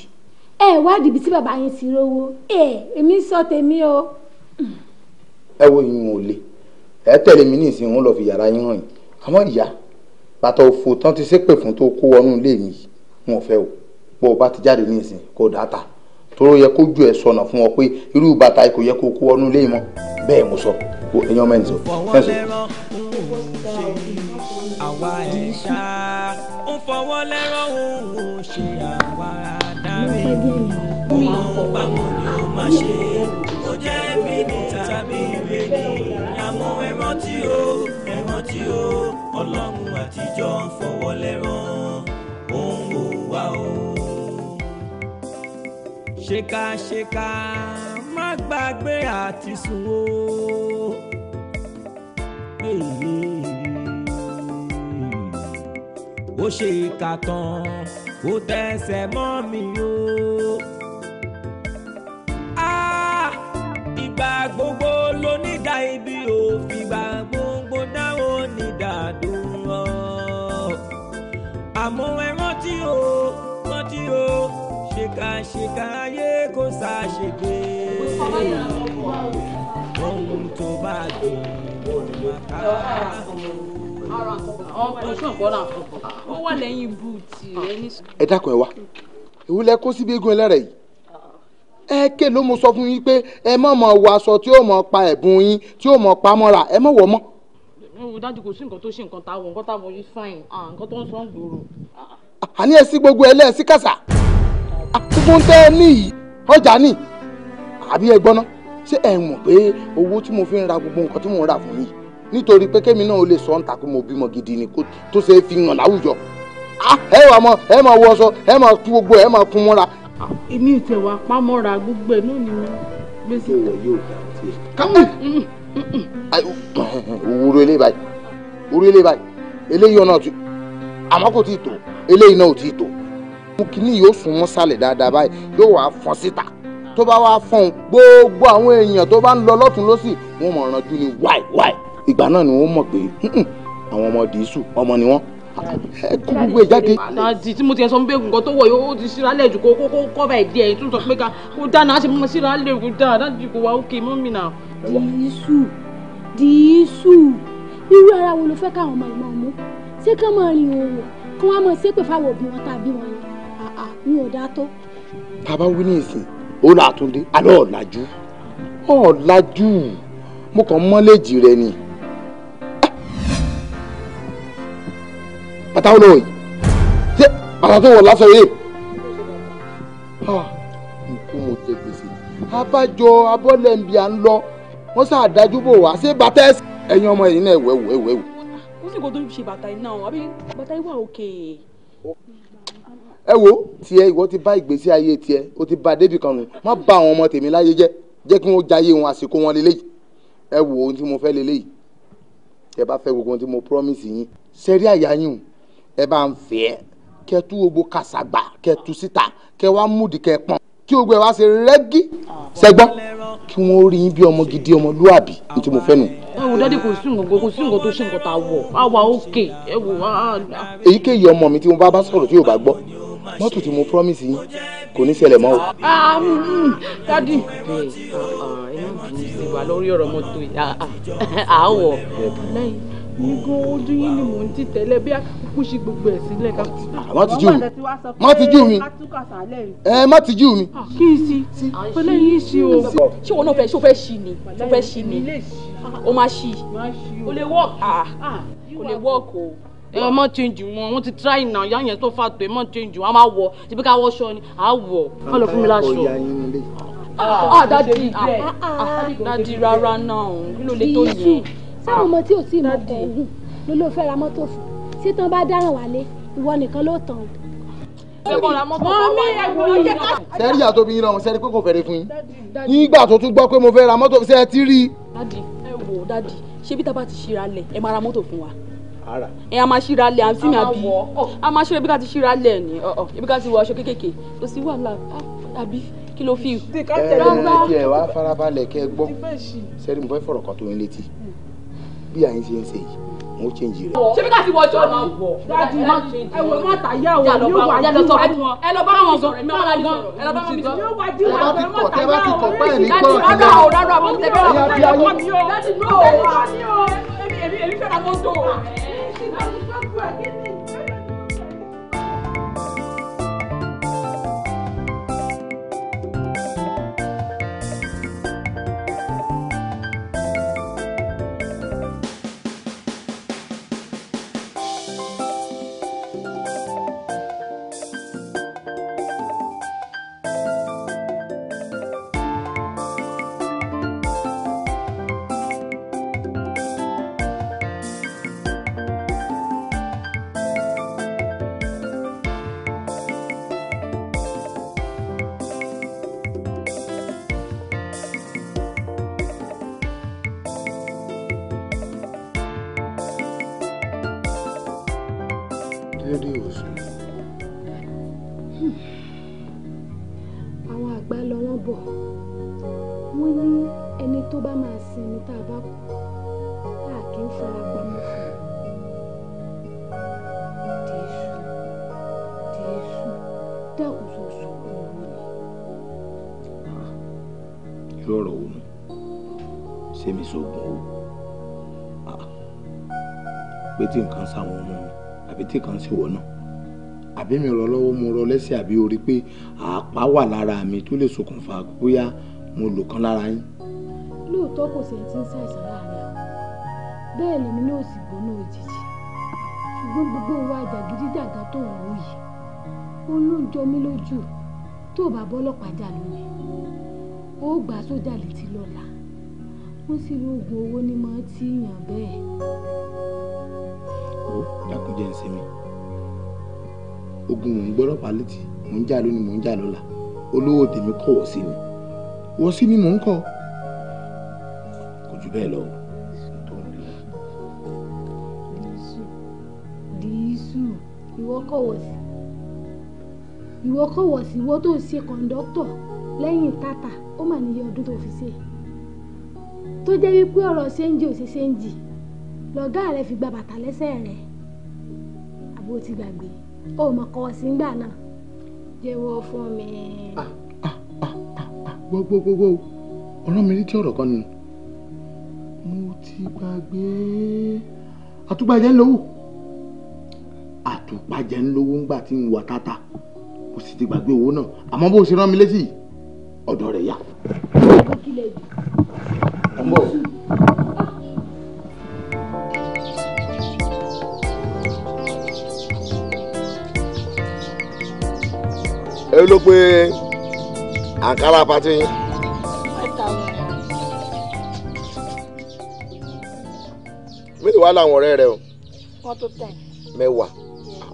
ẹ ẹ wádìí ibi tí bàbá yín ti rówó ẹ èmi sọ tèmi o. ẹ wo ìyún ò le ẹ tẹ̀lé mi ní ìsìn òun lọ fi yàrá yín hàn yín àmọ́ ìyá bàtà òfò tán ti ṣépè fún tó kó wọnú ilé mi wọn ò fẹ́ o bó o bá ti jáde ní ìsìn kó o dáta tóró yẹ kó ju ẹ sọnà fún ọ pé irú bàtà kò yẹ kó o kó wọnú ilé yìí bẹ́ẹ̀ mo sọ ẹ̀yin ọmọ ẹ̀ ń sọ ẹ̀ ń sọ àwa ẹ̀ ṣá ń fọwọ́ lẹ́rọ̀ òun ṣe àwa adarí mi ò ni ó máa ṣe ó jẹ́ mi ní tàbí ìwé ni àmọ́ ẹran tí ó ẹran tí ó ọlọ́run àtijọ́ ń fọwọ́ lẹ́rọ̀ òun ò wá o. ṣèkàṣèkà má gbàgbé àti sùn o. ó ṣe ìkà tán kò tẹsẹ̀ mọ́ mi o. Ah, ìgbà gbogbo ló ní dá ibi ò fìgbà gbogbo dáhùn ní dàdúrà àmọ́ ẹ rántí o rántí o ṣèkà ṣèkà ayé kò ṣàṣègbè ohun tó bá dùn ó máa ká. ọ̀rọ̀ àkọ́kọ́ ọ̀rọ̀ àkọ́kọ́ wà lẹ́yìn búùtì rẹ ní. ẹ dákun ẹ wá èwo lẹ kó síbi eégún ẹlẹ́rẹ̀ yìí ẹ ké ló mo sọ fún yín pé ẹ má mọ wọ aṣọ tí ó mọ pa ẹ̀bùn yín tí ó mọ pa mọ́ra ẹ má wọ̀ mọ́. mo dájú kò sí nǹkan tó ṣe nǹkan táwọn nǹkan táwọn yìí fáìn nǹkan tó ń sọ ń gbòòrò. àní ẹ sí gbogbo ẹlẹ́ẹ̀sí kàṣà gbogbo ń tẹ́ ẹ níyì ọjà ni àbí ẹ gbọ́ná ṣé ẹ mọ̀ pé owó tí mo fi ń ra gbogbo nǹkan tí mo ń rà fún yìí nítorí pé kémi náà ó lè sọ ń ta pé mo bímọ gidi ni tó ṣe é fi hàn láwùjọ Ah, ẹ wà mọ ẹ máa wọṣọ ẹ máa tú gbogbo ẹ máa kún mọ́ra. Ah. èmi ò tẹ̀wà pamọ́ra gbogbo ẹ̀ náà ni mo gbé sí. ìwọ yóò dá sí. kámi báyìí òwúrò eléyìí báyìí eléyìí ọ̀nà ti àmọ́ kò tí tó eléyìí náà ò tí tó. mo kìíní yóò sún mọ́ sálẹ̀ dáadáa báyìí yóò wá fọ́n síta tó bá wá fọ́n gbogbo àwọn èèyàn tó bá ń lọ lọ́tún lọ́sì wọ́n mọ̀ ràn jù ní wáì wáì ìgbà náà ni wọ́n mọ̀ pé àwọn ọmọ dìísù ọmọ ni wọ́n ẹ tú gbogbo ẹ jáde. àti tí mo ti ẹ sọ pé nǹkan tó wọ̀ yóò ti síra lẹ́jù kó kó kọ́ báyìí díẹ̀ tún sọ pé ká kó dáná á sì mọ síra lẹ́jù dáa dájú kó wa ókè mọ́ mi náà. dìísù dìísù irú ara wo ló fẹ́ káwọn ọmọ ìmọ̀ mú ṣé ká máa rìn òwò kí wọ́n á máa ṣépè fáwọn òbí wọn tàbí wọn ni mi ò dá tó. bàbá wí ní ìsìn ó là tún dé alẹ́ ọ̀làjú ọ̀làjú mo kàn mọ́lẹ́jì rẹ ni. bàtà wọn náà yìí ṣé bàtà tó wọ̀ lásán yìí nkú mo jẹ gbèsè abájọ abọ́lẹ̀mbì à ń lọ wọ́n sá dájú bò wá ṣé bàtà ẹ̀yin ọmọ yìí náà ẹ̀wẹ̀ ẹ̀wẹ̀ ẹ̀wẹ̀ ẹ̀wẹ̀. ó sì kó tó ṣe bàtà iná o àbí bàtà ìwà òkè. ẹ wo tiẹ ìwọ ti bá ìgbésí ayé tiẹ o ti bá débi kan nù má bà àwọn ọmọ tèmi láyé jẹ́ jẹ́ kí wọ́n jayé wọn àsìkò wọn lélẹ́yìí ẹ wo ohun tí mo fẹ́ lélẹ́yìí tẹ bá fẹ́ gbogbo ohun tí mo promise yín ṣe àyà yín o ẹ bá ń fẹ́ kẹ́ tú gbogbo kàṣàgbà kẹ́ tú síta kẹ́ wá múdi kẹ́ pọ́n kí gbogbo ẹ wá ṣe rẹ́gí ṣẹgbọ́n kí wọ́n rí yín bí ọmọ gidi ọmọlúàbí ní tí mo fẹ́ nù. ẹ wò dáadé kò sí nǹkan kò sí nǹkan tó ṣe nǹkan tá a wọ a wà òkè ẹ wò wá. èyíkéyìí ọmọ mi tí mo bá bá sọ̀rọ̀ tí yóò bá gbọ́ mọ́tò tí mo promise yín kò ní ṣẹlẹ̀ mọ́ o. Mm, mm, dádì ẹ ẹ má bínú sí wa lórí ọ̀rọ̀ mọ́tò yìí àáwọ̀ lẹ́yìn igbó ojú yín ni mò ń ti tẹ́lẹ̀ bí kú sí gbogbo ẹ̀ sílẹ̀ ká. Ah, má ti jú mi má ti jú mi ẹ eh, má ti jú mi. Ah, kí n si pẹ̀lẹ́ yín si o. ṣé wọn náà fẹ́ ṣé o fẹ́ ṣì ni o fẹ́ ṣì ni o máa ṣì o lè work ah. o lè work o ẹ má change wọn wọn ti try now yá yẹn tó fà tó ẹ má change wọn a máa wọ ṣebí ká wọṣọ ni a wọ wọn lọ fún mi láṣọ. ah dadi ah dadi rárá náà kí ló lè tó yẹn sáwọn ọmọ tí ò tí ì mọ̀ kọ̀ ògùn ló ló fẹ́ ra mọ́tò fún ṣé tán bá dáràn wálé ìwọ nìkan ló tàn án. sẹ́rí àti obìnrin náà sẹ́rí pé kò fẹ́rẹ̀ fún yín nígbà tó tún gbọ́ pé mo fẹ́ ra mọ́tò ṣe é ti rí. dadi ẹ wò dadi ṣé bí tábà ti ṣíra lẹ ẹ máa ra mọ́tò fún wa ẹ oh. a máa ṣíra lẹ àǹtí mi àbí a máa ṣíra ibi ká ti ṣíra lẹ ni ibi oh, oh. ká ti wọ aṣọ kéékèèké kò sí wàhálà ah, àbí kí ló fi. ẹ ẹ ẹ wá farabalẹ̀ kẹ́ gbọ́ sẹ́rí mo fẹ́ fọ̀rọ̀ kan tó ń létí bí àyín ṣe ń ṣe yìí wọn ó change rẹ. ṣé bí káàsì wọjọ ni. dájú ẹ wò má tà yá o yóò wá jí wa fún wọn. ẹ lọ bá wọn sọ̀rọ̀ mi máa dán ẹ lọ bá wọn mi sọ̀rọ̀. yóò wá jí wa fún wọn tà yá o láti rárá o rárá o mo ti tẹ̀lé ọ̀rọ̀ mi ọ̀rọ̀ mi o láti nù o èmi fẹ́ràn mọ́tò o. bá máa sinmi tá a bá kú a kì í fara pamọ́ fún un. Jésù Jésù dákun sọ sọkún owó ni. Ah, irú ọ̀rọ̀ wo nu ṣé mi sọ̀gùn owó ah, pé tí nǹkan sáwọn ọmọ mi àbí tí nǹkan sì wọ̀ náà àbí mi rọ lọ́wọ́ mo rọ lẹ́sẹ̀ àbí orí pé àpá wà lára mi tó lè ṣokùnfà bóyá mo lò kan lára yín lóòótọ́ kò sí ti ń ṣàìsàn láàrin àwọn bẹ́ẹ̀ lèmi náà sì gbóná òjijì ṣùgbọ́n gbogbo wa jàgídíjàgá tó ń wò yìí ó ló ń jọ mí lójú tó o bá bọ́ ọlọ́pàá jà lónìí ó gbà sójà létí lọ́la wọ́n sì rí oògùn owó ní mọ́ tí yàn bẹ́ẹ̀. ó dákúnjẹ́ ń ṣe mí ogun mò ń gbọ́ ọlọ́pàá létí mò ń jà lónìí mò ń jà lọ́la olówó tèmi kọ̀ wọ́ sí ni wọ́n sí ni mò ń kọ́ ọ bẹ́ẹ̀ lọ tó ń rí. dísù dísù ìwọ kọ̀wọ̀ sí ìwọ kọ̀wọ̀ sí ìwọ tó ṣe kọ̀ǹdọ́tọ̀ lẹ́yìn tata ó mà níye ọdún tó fi ṣe tó jẹ́ wípé ọ̀rọ̀ ṣéǹjì ò ṣe ṣéǹjì lọ́gá rẹ fi gba bàtà lẹ́sẹ̀ rẹ àbó ti gbàgbé ó mọ kọ̀wọ̀ sí ńgbà náà jẹ́wọ́ fún mi. gbogbogbò ah, ah, ah, ọ̀rọ̀ mi létí ọ̀rọ̀ kan ni ti gbàgbé àtúgbàjẹ́ ń lówó àtúpàjẹ́ ń lówó ńgbà tí ń wà tata mo sì ti gbàgbé owó náà àmọ́ bó ṣe rán mi létí ọ̀dọ̀ rẹ̀ yá. ẹ ló pé àǹkárá pati yín wàá làwọn ọ̀rẹ́ rẹ o. wọ́n tó tẹ̀. mẹ́wàá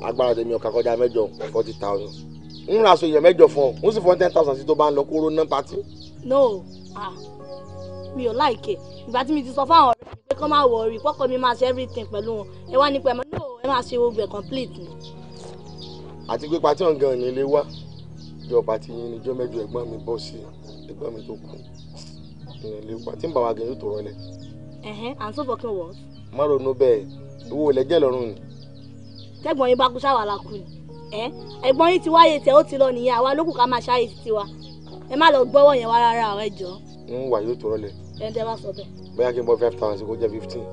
agbára tèmi ọ̀ka kọjá mẹ́jọ forty thousand n ra aṣọ èèyàn mẹ́jọ fún ọ n sì fún ten thousand sí tó bá ń lọ kóró ná pati. no ah mi ò láìkè ìgbà tí mi ti sọ fáwọn ọ̀rẹ́ mi pé kọ́ máa wọ orí pọ́kọ mi máa ṣe everything pẹ̀lú wọn ẹ wá ní pẹ̀lú no ẹ máa ṣe gbogbo ẹ̀ complete ni. àti pé pati ọ̀gán ni ilé wa jọ pati yín ni jọ mẹ́jọ ẹ̀gbọ́n mi bọ́ sí ẹ̀gbọ́n mi tó kù ìrìnlẹ̀ pati ń bá wa gẹ̀ yóò tó rọlẹ̀. ẹ̀hẹ́n and so for kin what? má ronú bẹ́ẹ̀ owó lẹ́jẹ̀ lọ́rùn ni. tẹ́gbọ̀n yín bá kú sáwà la kú ni ẹ̀gbọ́n yín ti wáyé tẹ̀ ó ti lọ nìyẹn àwa lókù ká máa ṣáyé ti tiwa ẹ má lọ gbọ́wọ́ yẹn wá rárá ẹ jọ. ń wà yóò tó rọlẹ̀. ẹ ǹdẹ́ bá sọ bẹ́ẹ̀. bóyá kí n bọ́ five thousand kó jẹ́ fifteen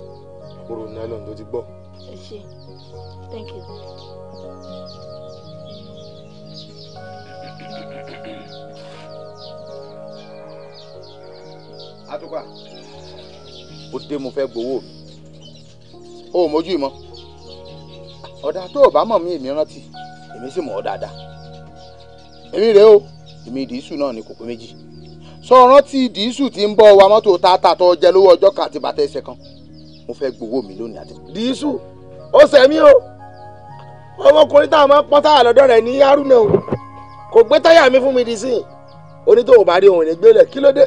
kúrò nylon tó ti gbọ́. ẹ ṣe thank you. àtùpà ó dé mo fẹ́ gbowó mi. o ò mójú ọ̀dà tó o bá mọ̀ mí èmi rántí èmi sì mọ̀ ọ́ dáadáa èmi rèé o èmi ìdìísù náà ní kòkó méjì sọ rántí ìdìísù tí ń bọ́ wa mọ́tò tààtà tó jẹ lówó ọjọ́ kan àti bàtà ẹsẹ̀ kan mo fẹ́ gbowó mi lónìí àti. o ọmọkùnrin tá a máa pọ́n táyà lọ́dọ̀ rẹ̀ ní o kò gbé táyà mi fún mi di sí onítòwò bá rí ohun gbélé kí ló dé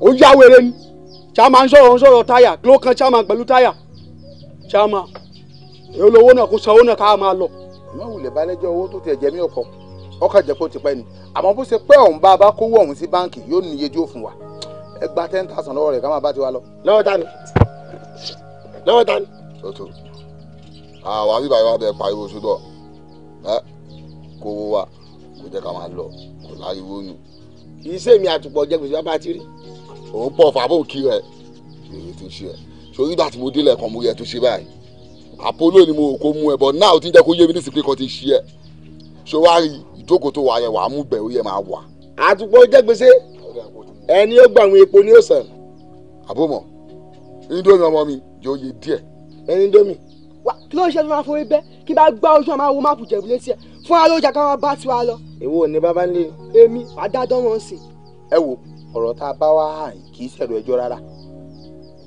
o. ó yá wẹrẹ chairman sọ̀rọ̀ ń sọ̀rọ̀ táyà glo kan chairman pẹ̀lú táyà chairman èyí lówó náà kó sanwó náà ká máa lọ. ìmọ̀ wulẹ̀ balẹ̀jọ́ owó tó tiẹ̀ jẹ́ mí ọkọ̀ ọkọ̀ jẹ́ kó ti pẹ́ ni àmọ́ bó ṣe pẹ́ ọ̀hún bá a bá kówó ọ̀hún sí báǹkì yóò ní iye tí ó fún wa ẹ gba ten thousand lọ́wọ́ rẹ̀ ká máa bá tiwa lọ. lọ́wọ́ ta ni lọ́wọ́ ta ni. ṣètò àwọn àbíbáyé wa bẹ pariwo sódò ẹ kówó wa kó jẹ́ ká máa lọ kó láriwo nù. kì í sèmi àtùpọ̀ jẹ gbèsè bá bá ti rí òun pọ̀ fàbọ̀ kí rẹ̀ èyí ti ṣe ẹ̀ sórí ìgbà tí mo délẹ̀ kan mo yẹ tó ṣe báyìí àpolò ni mo rò kó mú ẹ bọ̀ náà ó ti ń jẹ́ kó yé mi nísìsiyìí pé kan ti ṣe ẹ̀ ṣó wá rí ìjókòó tó wà yẹn wàá mú bẹ̀ ó yẹ máa wà. àtúpọ̀ jẹ́ gbèsè ẹni ó gbà àwọn epo ní òsàn. àbúmọ̀ indomie ọmọ mi yóò yé díẹ̀. ẹni indomie. wá kí ló ń ṣe tó máa forí bẹ́ kí bá gbá ojú àmọ́ àwọn máàpù jẹ̀bù létí ẹ̀ fún alójà káwọn bá tiwa lọ. èwo ni bàbá ń lé. èmi àdádọ́ wọn sì. ẹ wo ọ̀rọ̀ tá a bá wá hàn kì í ṣẹ̀rọ ẹjọ́ rárá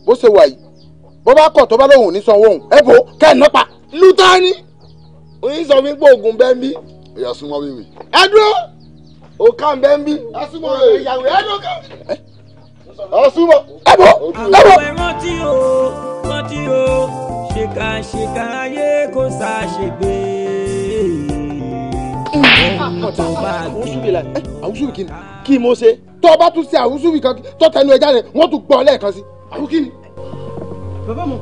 bó ṣe wà yìí bó bá kọ̀ tó bá lóun ní sanwó òun ẹ kẹ́ẹ̀nà pa. lutani oyin sọ fún gbóògùn bẹ́ńbí. ẹ̀yà súnmọ́ wíwì. ẹ dúró òkà bẹ́ńbí. ẹ súnmọ́ ìyàwó ẹ dúró ká. ẹ súnmọ́ ẹ bò tí o rántí o ṣèkàṣèkà ayé kò sá ṣègbè ohun mo ṣe tó o bá tún ṣe àwùsùwì kan tó tẹnu ẹja rẹ wọn tún gbọ́ lẹ́ẹ̀kan sí àwù kí ni. bàbá mọ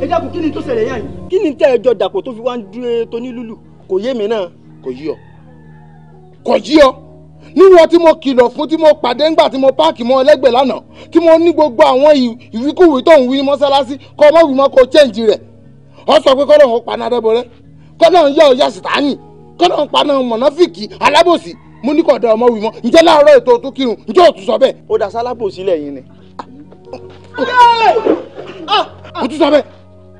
ẹ dákun kí ni tó ṣẹlẹ̀ yá yìí. kí ni tẹ́ ẹ jọ dàpọ̀ tó fi wá ń dúró tóní lùlù kò yé mi náà. kò yí ọ kò yí ọ níwọ̀n tí mo kìlọ̀ fún tí mo pàdé ńgbà tí mo páàkì mọ́ ẹlẹ́gbẹ̀ẹ́ lánàá tí mo ní gbogbo àwọn ìwíkúwìí tó ń wí mọ́sálásí kọ́ ọmọ ìwúmọ́ kó chẹ́ǹjì rẹ̀ ọ sọ pé kọ́lọ́hún kọ́nà ń paná mọ̀nàfíìkì alábòsí mo ní kọ̀dọ̀ ọmọ wì mọ́ ǹjẹ́ láàárọ̀ ètò òtún kírun ǹjẹ́ òtún sọ bẹ́ẹ̀. ó dá sálábòsí lẹ́yìn ni. Ah! mo tún sọ bẹ́ẹ̀.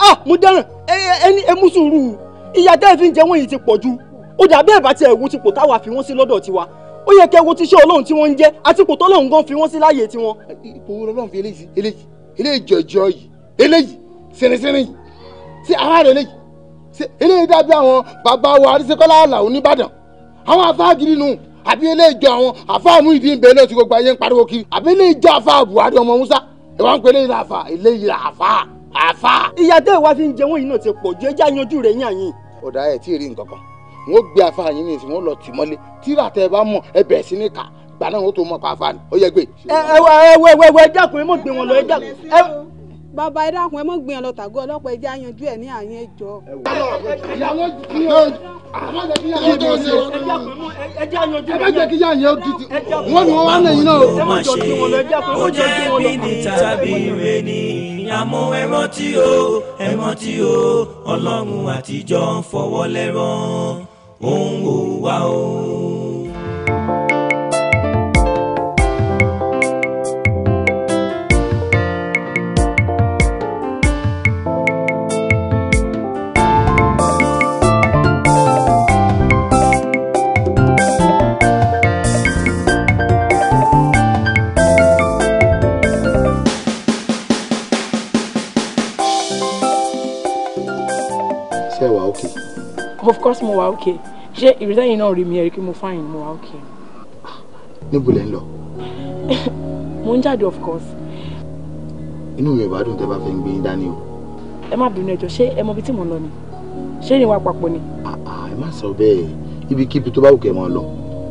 Ah! mo dẹ́rẹ̀ ẹni ẹmu sùúrù ìyá tẹ́ fi ń jẹ wọ́n yìí ti pọ̀ ju ó dà bẹ́ẹ̀ bá tiẹ̀ wo tipò táwa fi wọ́n sí lọ́dọ̀ tiwa ó yẹ kẹ́ wo ti ṣé ọlọ́run tí wọ́n ń jẹ́ àti ipò tọ́lọ́run gan fi wọ́n sí láàyè tiwọn. ipò ọlọ́run fi eléyìí eléyìí eléyìí jọjọ eléyìí dàbí àwọn bàbá wa Arísékọ́lá Àlàó nìbàdàn àwọn afá gidi nù àbí eléyìí jọ àwọn afá Muyideen Bello tí gbogbo ayé ń pariwo kiri àbí eléyìí jọ afá Buhari ọmọ Musa ìwà ń pè eléyìí làfà eléyìí làfà àfà. ìyá tẹ́ ìwà fi ń jẹun yìí náà ti pọ̀ ju ẹja yanjú rẹ̀ yàn yín. ọ̀dà ẹ̀ tí ì rí nǹkan kan wọn ó gbé afá yín ní ìsìn wọn lọ tì mọ́lé tíra tẹ́ ẹ bá mọ̀ ẹ bẹ̀rẹ̀ sí ní kà gbà náà wọn ó tó mọ̀ pa afá ni ó yẹ gbé. ẹ ẹ wẹ wẹ wẹ dákun ẹ mọ̀ gbé wọn lọ ẹ dákun bàbá ẹ dákun ẹ mọ gbìyànjú lọ tàgọ ọlọ́pàá ẹ jẹ àyànjú ẹ ní àyàn ẹjọ. ìyàwó ti yọ kí ló ṣe ẹ bá jẹ kí yá yẹn tutù wọn ni wọn wá lẹ́yìn náà. ó mà ṣe ó jẹ́ bí ní tàbí rẹ ni àmọ́ ẹ rántí o ẹ rántí o ọlọ́run àtijọ́ ń fọwọ́ lẹ́rán òun ò wá o. mo wà òkè ṣé ìrìsẹ́yìn náà rí mi ẹ̀rí kí mo fáyìn mo wà òkè. níbo lẹ ń lọ. mo ń jáde of course. inú mi ò bá dùn tẹ́ bá fẹ́ ń gbé yín dání o. ẹ má bínú ẹjọ ṣé ẹ mọ ibi tí mò ń lọ ni ṣé ìrìn wa papọ̀ ni. ẹ má sọ bẹ́ẹ̀ ibikíbi tó bá wù kẹ́ ẹ máa lọ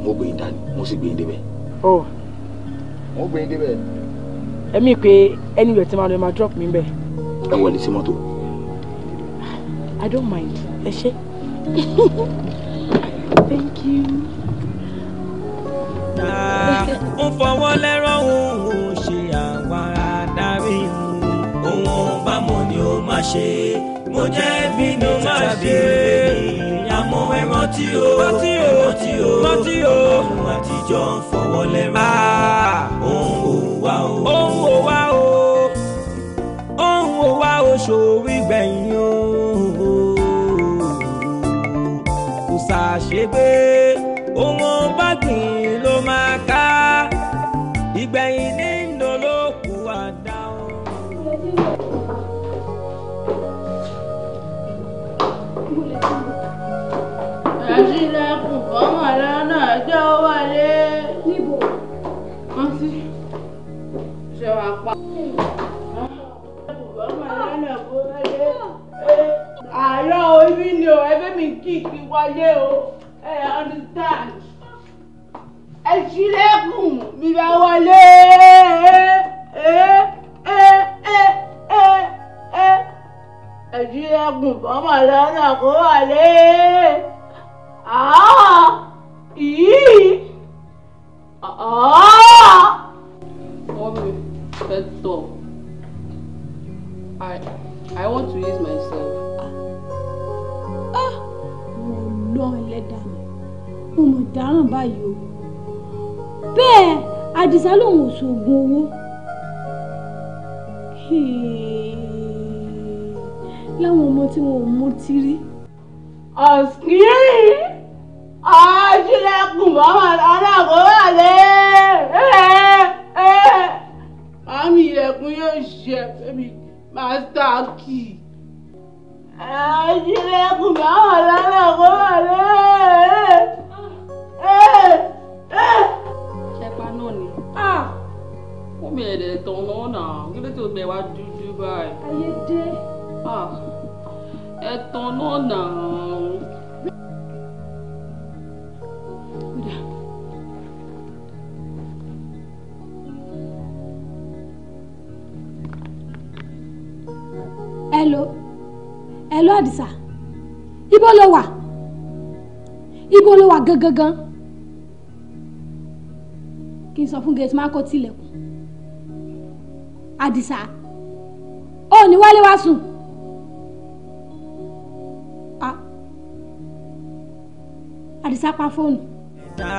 mo gbé yín dání mo sì gbé yín débẹ̀. ọ oh. mo gbé yín débẹ̀. ẹ̀mí pé anywhere tí màá lọ ẹ máa drop mi bẹ́ẹ̀. ẹ wọlé sí mọ́tò. I don't mind ẹ ṣe. Thank you. ń fọwọ́ lẹ́rọ̀ òun ṣe àwọn adarí òun òun bá mọ̀ ni ó máa ṣe mo jẹ́ bínú máa ṣe àmọ́ ẹ̀rọ tí o ẹ̀rọ tí o ọ̀run àtijọ́ ń fọwọ́ lẹ́rọ̀ òun ah. ò wá o. òun ò wá o òun ò wá o ṣòwò ìgbẹ̀yìn o. àṣegbé ohun bá gbìn ló máa ká ìgbẹ̀yìn ní ìdólókù àdá àṣìlẹ̀kùn kan wà lọ́nà ọjọ́ wọlé. níbo. rántí ṣe wàá pa. àárọ̀ orí ni o ẹgbẹ́ mi kì í kí wọlé o ẹ understand ẹ ṣílẹ̀kùn mi bá wọlé ẹ ṣílẹ̀kùn ọmọ ìlànà kó wọlé àá. báyìí o bẹ́ẹ̀ àdìsá lòun ò ṣoògùn owó láwọn ọmọ tí wọn ò mú ti rí. ọ̀sìn ọ̀ṣunlẹ̀kùn mọ́mọ́ ọlọ́kùn wà lé mami ilẹ̀kùn yóò ṣe fẹ́mi máa ta kì í ọ̀ṣunlẹ̀kùn mọ́mọ́ ọlọ́kùn. tọ̀hún lọ́wọ́ náà kí ló tó gbẹ wá dúdú báyìí. ayé dé. Ah, ẹ tán náà náà. hello hello Àdìsá ibo lo wà ibo lo wà gangan kí n sọ fún gate máa kó tilẹ̀kùn àdìsá ó ní wálé wá sùn. àdìsá pa fóònù. ìta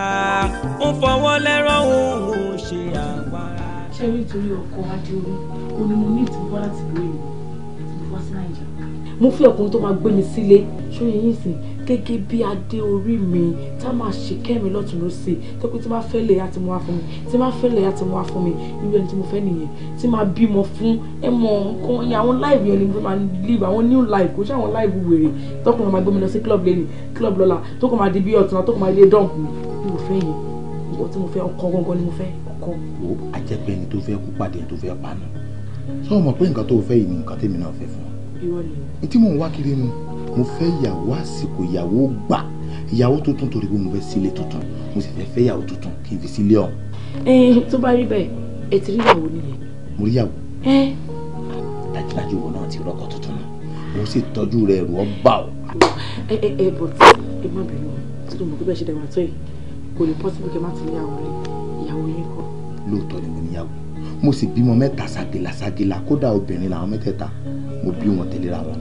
ń fọwọ́ lẹ́rọ̀ òun ṣe àwàrà. ṣé nítorí ọkọ adéorí ó ní mo ní ìtúbọ̀ láti gbé ìlú àti ìfọ́sí nàìjíríà. mo fi ọkùnrin tó máa gbé mi sílé ṣóyè yín sìn gẹ́gẹ́ bí adé orí mi tá máa ṣe kẹ́mi lọ́tún ló ṣe tó pé tí máa fẹ́ lè ya ti wá fún mi tí máa fẹ́ lè ya ti wá fún mi irú ẹni tí mo fẹ́ nìyẹn tí máa bímọ fún ẹ mọ nǹkan ẹ̀yìn àwọn life yẹn ni mo máa live àwọn new life kò ṣe àwọn life wèrè tọkùnrin máa gbé mi lọ sí club lẹ́nu club lọ́la tó máa di bí ọ̀tún tó máa lé dump mi mi fẹ́ yẹn nǹkan tí mo fẹ́ ọkọ gangan ni mo fẹ́ ọkọ. o àjẹpẹ́ ni tó fẹ́ kú pàdé tó fẹ́ pa náà sọ wọn mọ̀ pé nǹkan tó fẹ́ yìí ni nǹkan tèmi náà fẹ́ fún ọ. ìwọ ni. ní mò ń wá kiri nu mo fẹ́ ìyàwó àsìkò ìyàwó gbà ìyàwó tuntun torí pé mo fẹ́ sílé tuntun mo sì fẹ́ fẹ́ ìyàwó tuntun kí n fi sílé ọ̀hún. tó bá rí bẹ́ẹ̀ ẹ ti rí ìyàwó nìyẹn. mo rí ìyàwó. dájúdájú wo náà ti rọ́kọ tuntun náà mo sì tọ́jú rẹ̀ rú bá o. ẹ ẹ bọ̀ ẹ má bínú tí mo mọ̀ pé bẹ́ẹ̀ ṣe dàgbà tó yìí kò lè pọ́sibú kí ẹ má ti níyàwó rẹ̀ ìyàwó yín kọ́. lóòótọ́ ni mo níyàwó mo sì bímọ mẹ́ta ságilásagilá kódà obìnrin làwọn mẹ́tẹ̀ẹ̀ta mo bí wọn tẹ̀léra wọn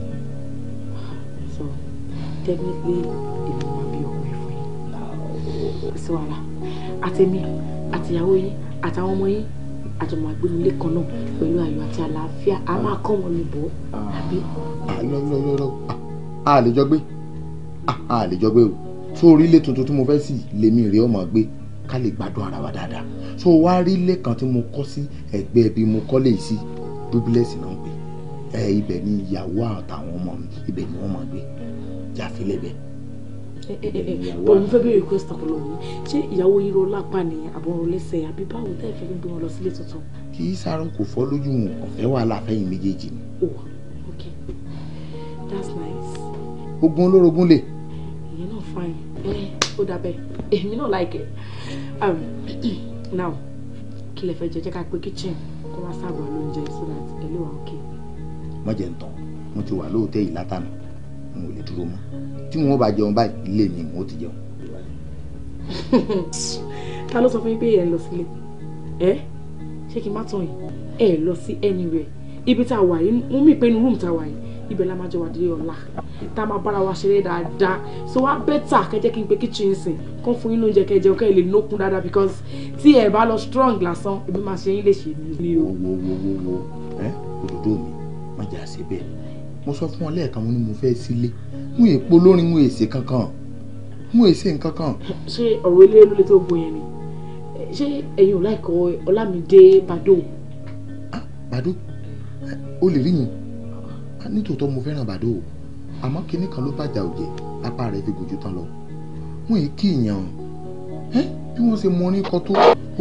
tẹ́mi pé èmi máa bí ọkọ ẹ̀ fún yín sí wàhálà àtẹ̀mí àtìyàwó yín àtàwọn ọmọ yín àtọmọ àgbẹnulé kan náà pẹ̀lú ayọ̀ àti àlàáfíà a máa kọ́ wọn lùbọ́ àbí. a lè jọ gbé a lè jọ gbé o tó orílẹ̀ tuntun tí mo fẹ́ sí lèmi rèé ọmọ gbé ká lè gbádùn ara wa dáadáa so wá rí ilé kan tí mo kọ́ sí ẹ̀gbẹ́ ibi mo kọ́ lè sí dúbílẹ̀sì náà gbé ẹ ibẹ̀ ni ìyàwó àtàwọn ọmọ mi ibẹ̀ ni wọ́n máa gbé jáfilẹ̀ bẹ́ẹ̀. òun fẹ́ bẹ̀rẹ̀ request kan lọ́wọ́ ni ṣé ìyàwó yìí ro lápá ni àbọ̀rọ̀ lẹ́sẹ̀ àbí báwo tẹ́ fẹ́ gbé wọn lọ sílé tuntun. kì í sarun kò fọ́ lójú wọn kò fẹ́ wàhálà méjèèjì ni. oh okay that's nice. ogun olórogún lè. ìyẹn náà fine eh, ó dàbẹ̀ èmi náà like it um, now kí lè fẹ́ jẹ́ jẹ́ ká pé kitchen kó wá sáàbọ̀ lóúnjẹ so that ẹ lè wà okay. mọ̀jẹ̀ ń tán mo ti wà lóòótẹ́ yìí látàná dúró mọ́ tí wọn bá jẹun báyìí ilé mi wọn ò ti jẹun. ta ló sọ fún mi pé ẹ lọ sílé ẹ ṣé kí n má tàn yìí ẹ lọ sí anywhere ibi tá a wà yìí mo mì pé inú room tá a wà yìí ibẹ̀ la máa jọ wà dé ọ̀la tá a máa bára wa ṣeré dáadáa so wá bẹ́tà kẹjẹ́ kí n pe kitchen sìn kó fún yín lóúnjẹ kẹjẹ kẹ́ ẹ lè nókun dáadáa because tí ẹ bá lọ strong lásán ebi máa ṣe yín lè ṣe ní. wo wo wo wo ẹ òdòdó mi má jà sí bẹ́ẹ̀ mo sọ fún ọ lẹ́ẹ̀kan mo ní mo fẹ́ sílé n ò èpo lórin n ò èsè kankan n ò èsè nkankan. ṣé ọ̀rọ̀ ilé ló lè tó bo yẹn ni ṣé ẹ̀yin ò láìkọ́ ọlámídé bàdó. Ah, bàdó o lè rí yẹn ah, nítòótọ́ mo fẹ́ràn bàdó o àmọ́ kinní kan ló bàjá òjẹ́ apá rẹ̀ fi gòjú tán lọ wọ́n yìí kíyàn bí wọ́n ṣe mọ orin kan tó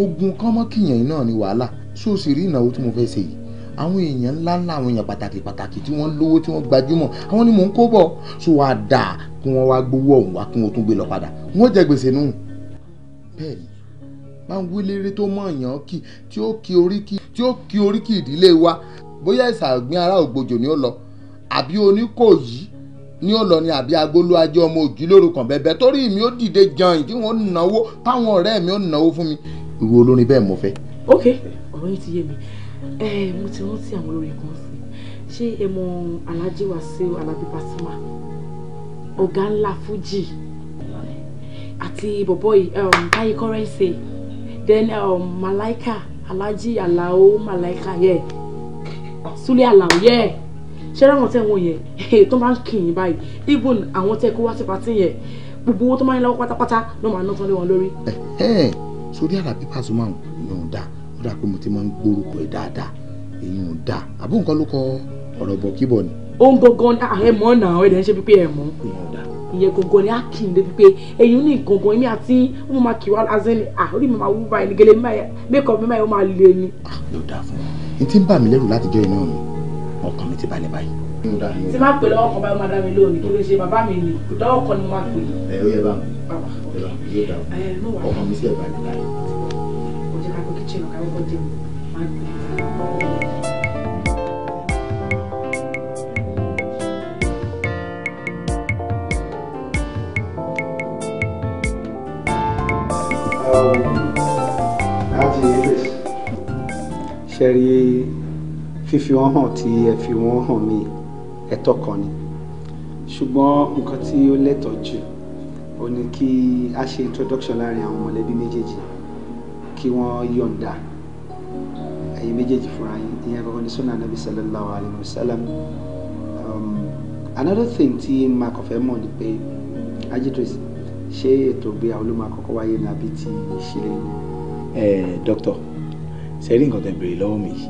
ogun kan mọ́ kíyàn náà ni wàhálà ṣó o sì rí ìnáwó tí mo fẹ́ ṣe yìí àwọn èèyàn ńlá ńlá àwọn èèyàn pàtàkì pàtàkì tí wọ́n lówó tí wọ́n gbajúmọ̀ àwọn ni mò ń kó bọ̀ so wá dà kí wọ́n wá gbowó ọ̀hún wá kí wọ́n tún gbé lọ padà wọ́n jẹ gbèsè nù. bẹ́ẹ̀ni bá ń wíléré tó mọ̀ yàn kì tí ó kì oríkì tí ó kì oríkì ìdílé wa bóyá ìsàgbín ará ògbójò ni ó lọ àbí oníkòyí ní ọlọ ni àbí agolo ajé ọmọ òjìlóru kan bẹ̀bẹ̀ torí mi ó dìde jan ìdí wọn náwó táwọn ọ̀rẹ́ mi ó náwó fún mi. ìwọ olórin bẹ́ẹ̀ mo fẹ́. ok ọ̀rọ̀ yìí ti yé mi ẹ mo ti rántí àwọn olórí kan sí ṣé ẹ mọ Alhaji Wasiu Alabi Pasuma ọ̀gá ńlá Fuji àti bọ̀bọ̀ Taye Currency um, then um, Malaika Alhaji Alao Malaika yẹ Sule Alao yẹ ṣé ráwọn tẹ wọn yẹn tó bá ń kì báyìí even àwọn tẹ kó wá sí patí yẹn gbogbo owó tó máa ń lọ́wọ́ pátápátá ló máa ná tán lé wọn lórí. ẹ ẹ sórí Alabi Pasuma yọ̀ǹda dà pé mo ti máa ń gbórúkọ ẹ dáadáa èyí ò dáa àbó nǹkan ló kọ ọ̀rọ̀ bọ̀ kíbọ̀ ni. ohun gangan ni ààrẹ mọ́ náà ẹ̀dẹ̀ ń ṣe pípé ẹ̀ mọ́ ìyẹn gangan ni akin lè pípé èyí ní gangan èmi àti wọn máa kí wa azẹ́ni àórí ah, mi máa wú báyìí ní gẹ́lẹ́ mẹ́kọ̀ọ́ mi máa lé ni. Ah, yóò dáa fún mi n ti ń bà mí lẹ́rù látijọ́ iná mi ọkàn mi ti balẹ̀ báyìí tí máa pè lọ́wọ́ kan báyìí máa dá mi lóhùn kí ló ṣe bàbá mi ni lọ́wọ́ kan ni mo máa pè. ẹ ó yẹ bá mi ọkàn mi sì ẹ̀ balẹ̀ báyìí kitchen or can we go to ṣe rí fífi wọn hàn tí ẹ fi wọn hàn mí ẹ̀tọ́ kan ni ṣùgbọ́n nǹkan tí ó lẹ́tọ̀ọ́ jù ó ní kí a ṣe introduction láàrin àwọn mọ̀lẹ́bí méjèèjì kí wọ́n yọ̀ǹda ẹ̀yin méjèèjì fúnra yín ìyẹn gbogbo ní sunnah nabi sallallahu alayhi wa sallam um, another thing tí máa kàn fẹ́ mọ̀ ni pé ajitres ṣé ètò ìgbéyàwó ló máa kọ́kọ́ wáyé ní àbí ti ìṣẹ̀lẹ̀ yìí. ẹ ẹ dókítà ṣe rí nǹkan tẹ béèrè lọ́wọ́ mi yìí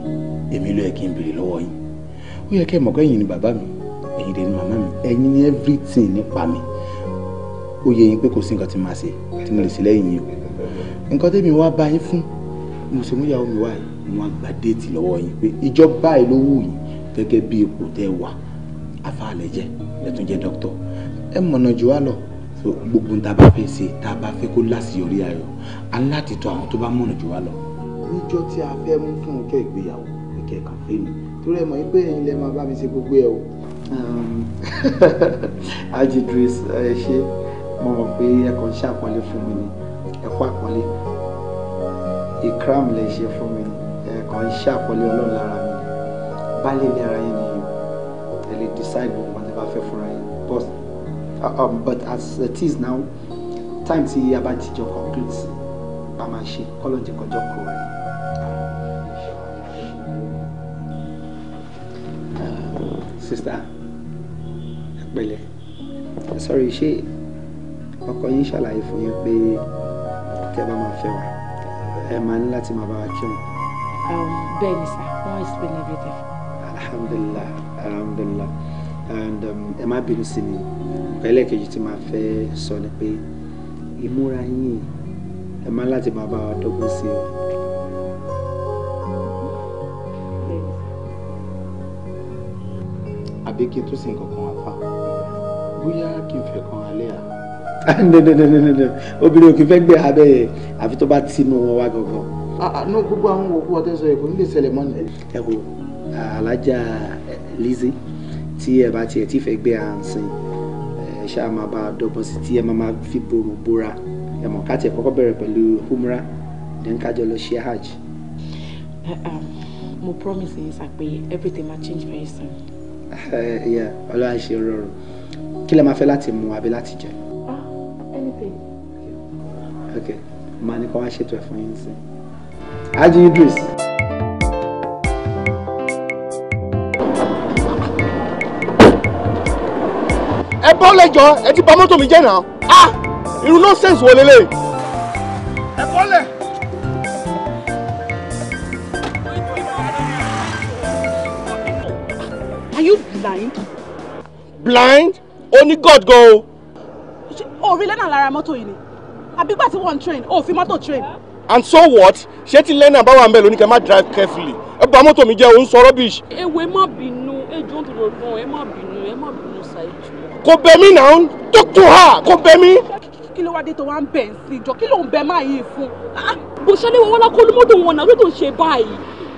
èmi ló yẹ kí n béèrè lọ́wọ́ yín ó yẹ kẹ́ mọ̀ pé ẹ̀yin ni bàbá mi ẹ̀yin dẹ̀ ni màmá mi ẹ̀yin ni everything nípa mi ó yẹ yín pé kò sí nǹkan tí màá ṣe tí mo lè ṣe lẹ́yìn yìí o nǹkan tẹ́mi wá bá yín fún mùsùlùmí ìyàwó mi wá yìí wọn gba déètì lọ́wọ́ yín pé ìjọba ìlówó yìí gẹ́gẹ́ bí ipò tẹ́ wà afáàlẹ̀ jẹ́ lẹ́tún jẹ́ dókítọ̀ ẹ mọ̀nà jù wá lọ gbogbo tá a bá fẹ́ ṣe tá a bá fẹ́ kó láṣeyọrí ayọ̀ á ní láti tọ̀ àwọn tó bá mọ̀nà jù wá lọ. níjọ́ tí a fẹ́ mú fún ọjọ́ ìgbéyàwó kẹ̀kẹ́ kàfé mi torí ẹ mọ̀ pé ẹ̀yin lẹ máa bá mi ṣe gbogbo ẹ̀ o. ajidris ẹ ṣe mo mọ̀ pé ẹ kàn ṣàpọ́nlé fún mi ni pàkọ́lé ikram lè ṣe fún mi ẹ̀ẹ̀kan iṣẹ́ àkọ́lé ọlọ́run lára mi baálé ilé ara yín nìyí ẹ lè decide gbogbo ọ̀tẹ́ bá fẹ́ fúnra yín but uh, um, but as it is now time tí a bá ti jọ conclude a máa ṣe kọ́lọ́jẹ́ kọjọ́ kúrò rẹ̀. sista ẹ pẹ̀lẹ́ sorry ṣé ọkọ yín ṣàlàyé fún yín pé tẹ bá máa fẹ́ wa ẹ máa ní láti máa bá wa kírun. Um, bẹ́ẹ̀ ni sir wọ́n explain everything. alhamdulillah alhamdulillah and um, ẹ má bínú sí mi pẹ̀lẹ́ kejì tí màá fẹ́ sọ ni pé ìmúra yín ẹ máa láti máa bá wa dọ́gbọ́n sí i. àbí kí n tún sin kankan wá fà bóyá kí n fẹ́ kan alẹ́ àá. obìnrin òkè fẹ́ gbé abẹ́ yẹn àfi tó bá tinú wọn wá gangan. àná ah, ah, gbogbo àwọn òkú ọtẹ sọ èkó nílé ìṣẹ̀lẹ̀ mọ ni. ẹ wo alájà eh, Lizzy tí ẹ bá tiẹ̀ tí fẹ́ gbé à ń sìn ẹ eh, ṣáà máa bá a dọ́gbọ́n sí tí ẹ máa fi borò bóra ẹ mọ̀ ká tiẹ̀ kọ́kọ́ bẹ̀rẹ̀ pẹ̀lú humra then ká jọ lọ ṣe hajj. Eh, um, mo promise yín sá pé everything ma change very soon. ọlọ́run ṣe rọrùn kí lẹ máa fẹ́ láti mu àbí láti jẹ. Okay, màá ní kó wá ṣètò ẹ̀ fún yín sí i Haji Idris. ẹ bọ́ lẹ́jọ́ ẹ ti bà mọ́tò mi jẹ́ náà ah irú nọ́ọ̀sẹ̀nsì wo lélẹ̀. ẹ Are you blind? Blind? Only God go. Oh, really? lẹ́nà lára mọ́tò yìí ni? àbígbà tí wọ́n ń train o ò fi mọ́tò train. and so what ṣé tí lẹ́nà bá wà ń bẹ̀ lónìí kẹ́ má drive carefully ẹ bà mọ́tò mi jẹ́ òun sọ rubbish. ewu ẹ má bínú ejò ń tòrò gan ẹ má bínú ẹ má bínú ṣáìjù. kò bẹ mí náà talk to her kò bẹ mí. kí ló wá dé tó wá ń bẹ̀ ń sí ìjọ kí ló ń bẹ máa yìí fún. Ah, bó ṣe ní wọn wọlé kó lómọdé wọn náà ló tó ń ṣe báyìí.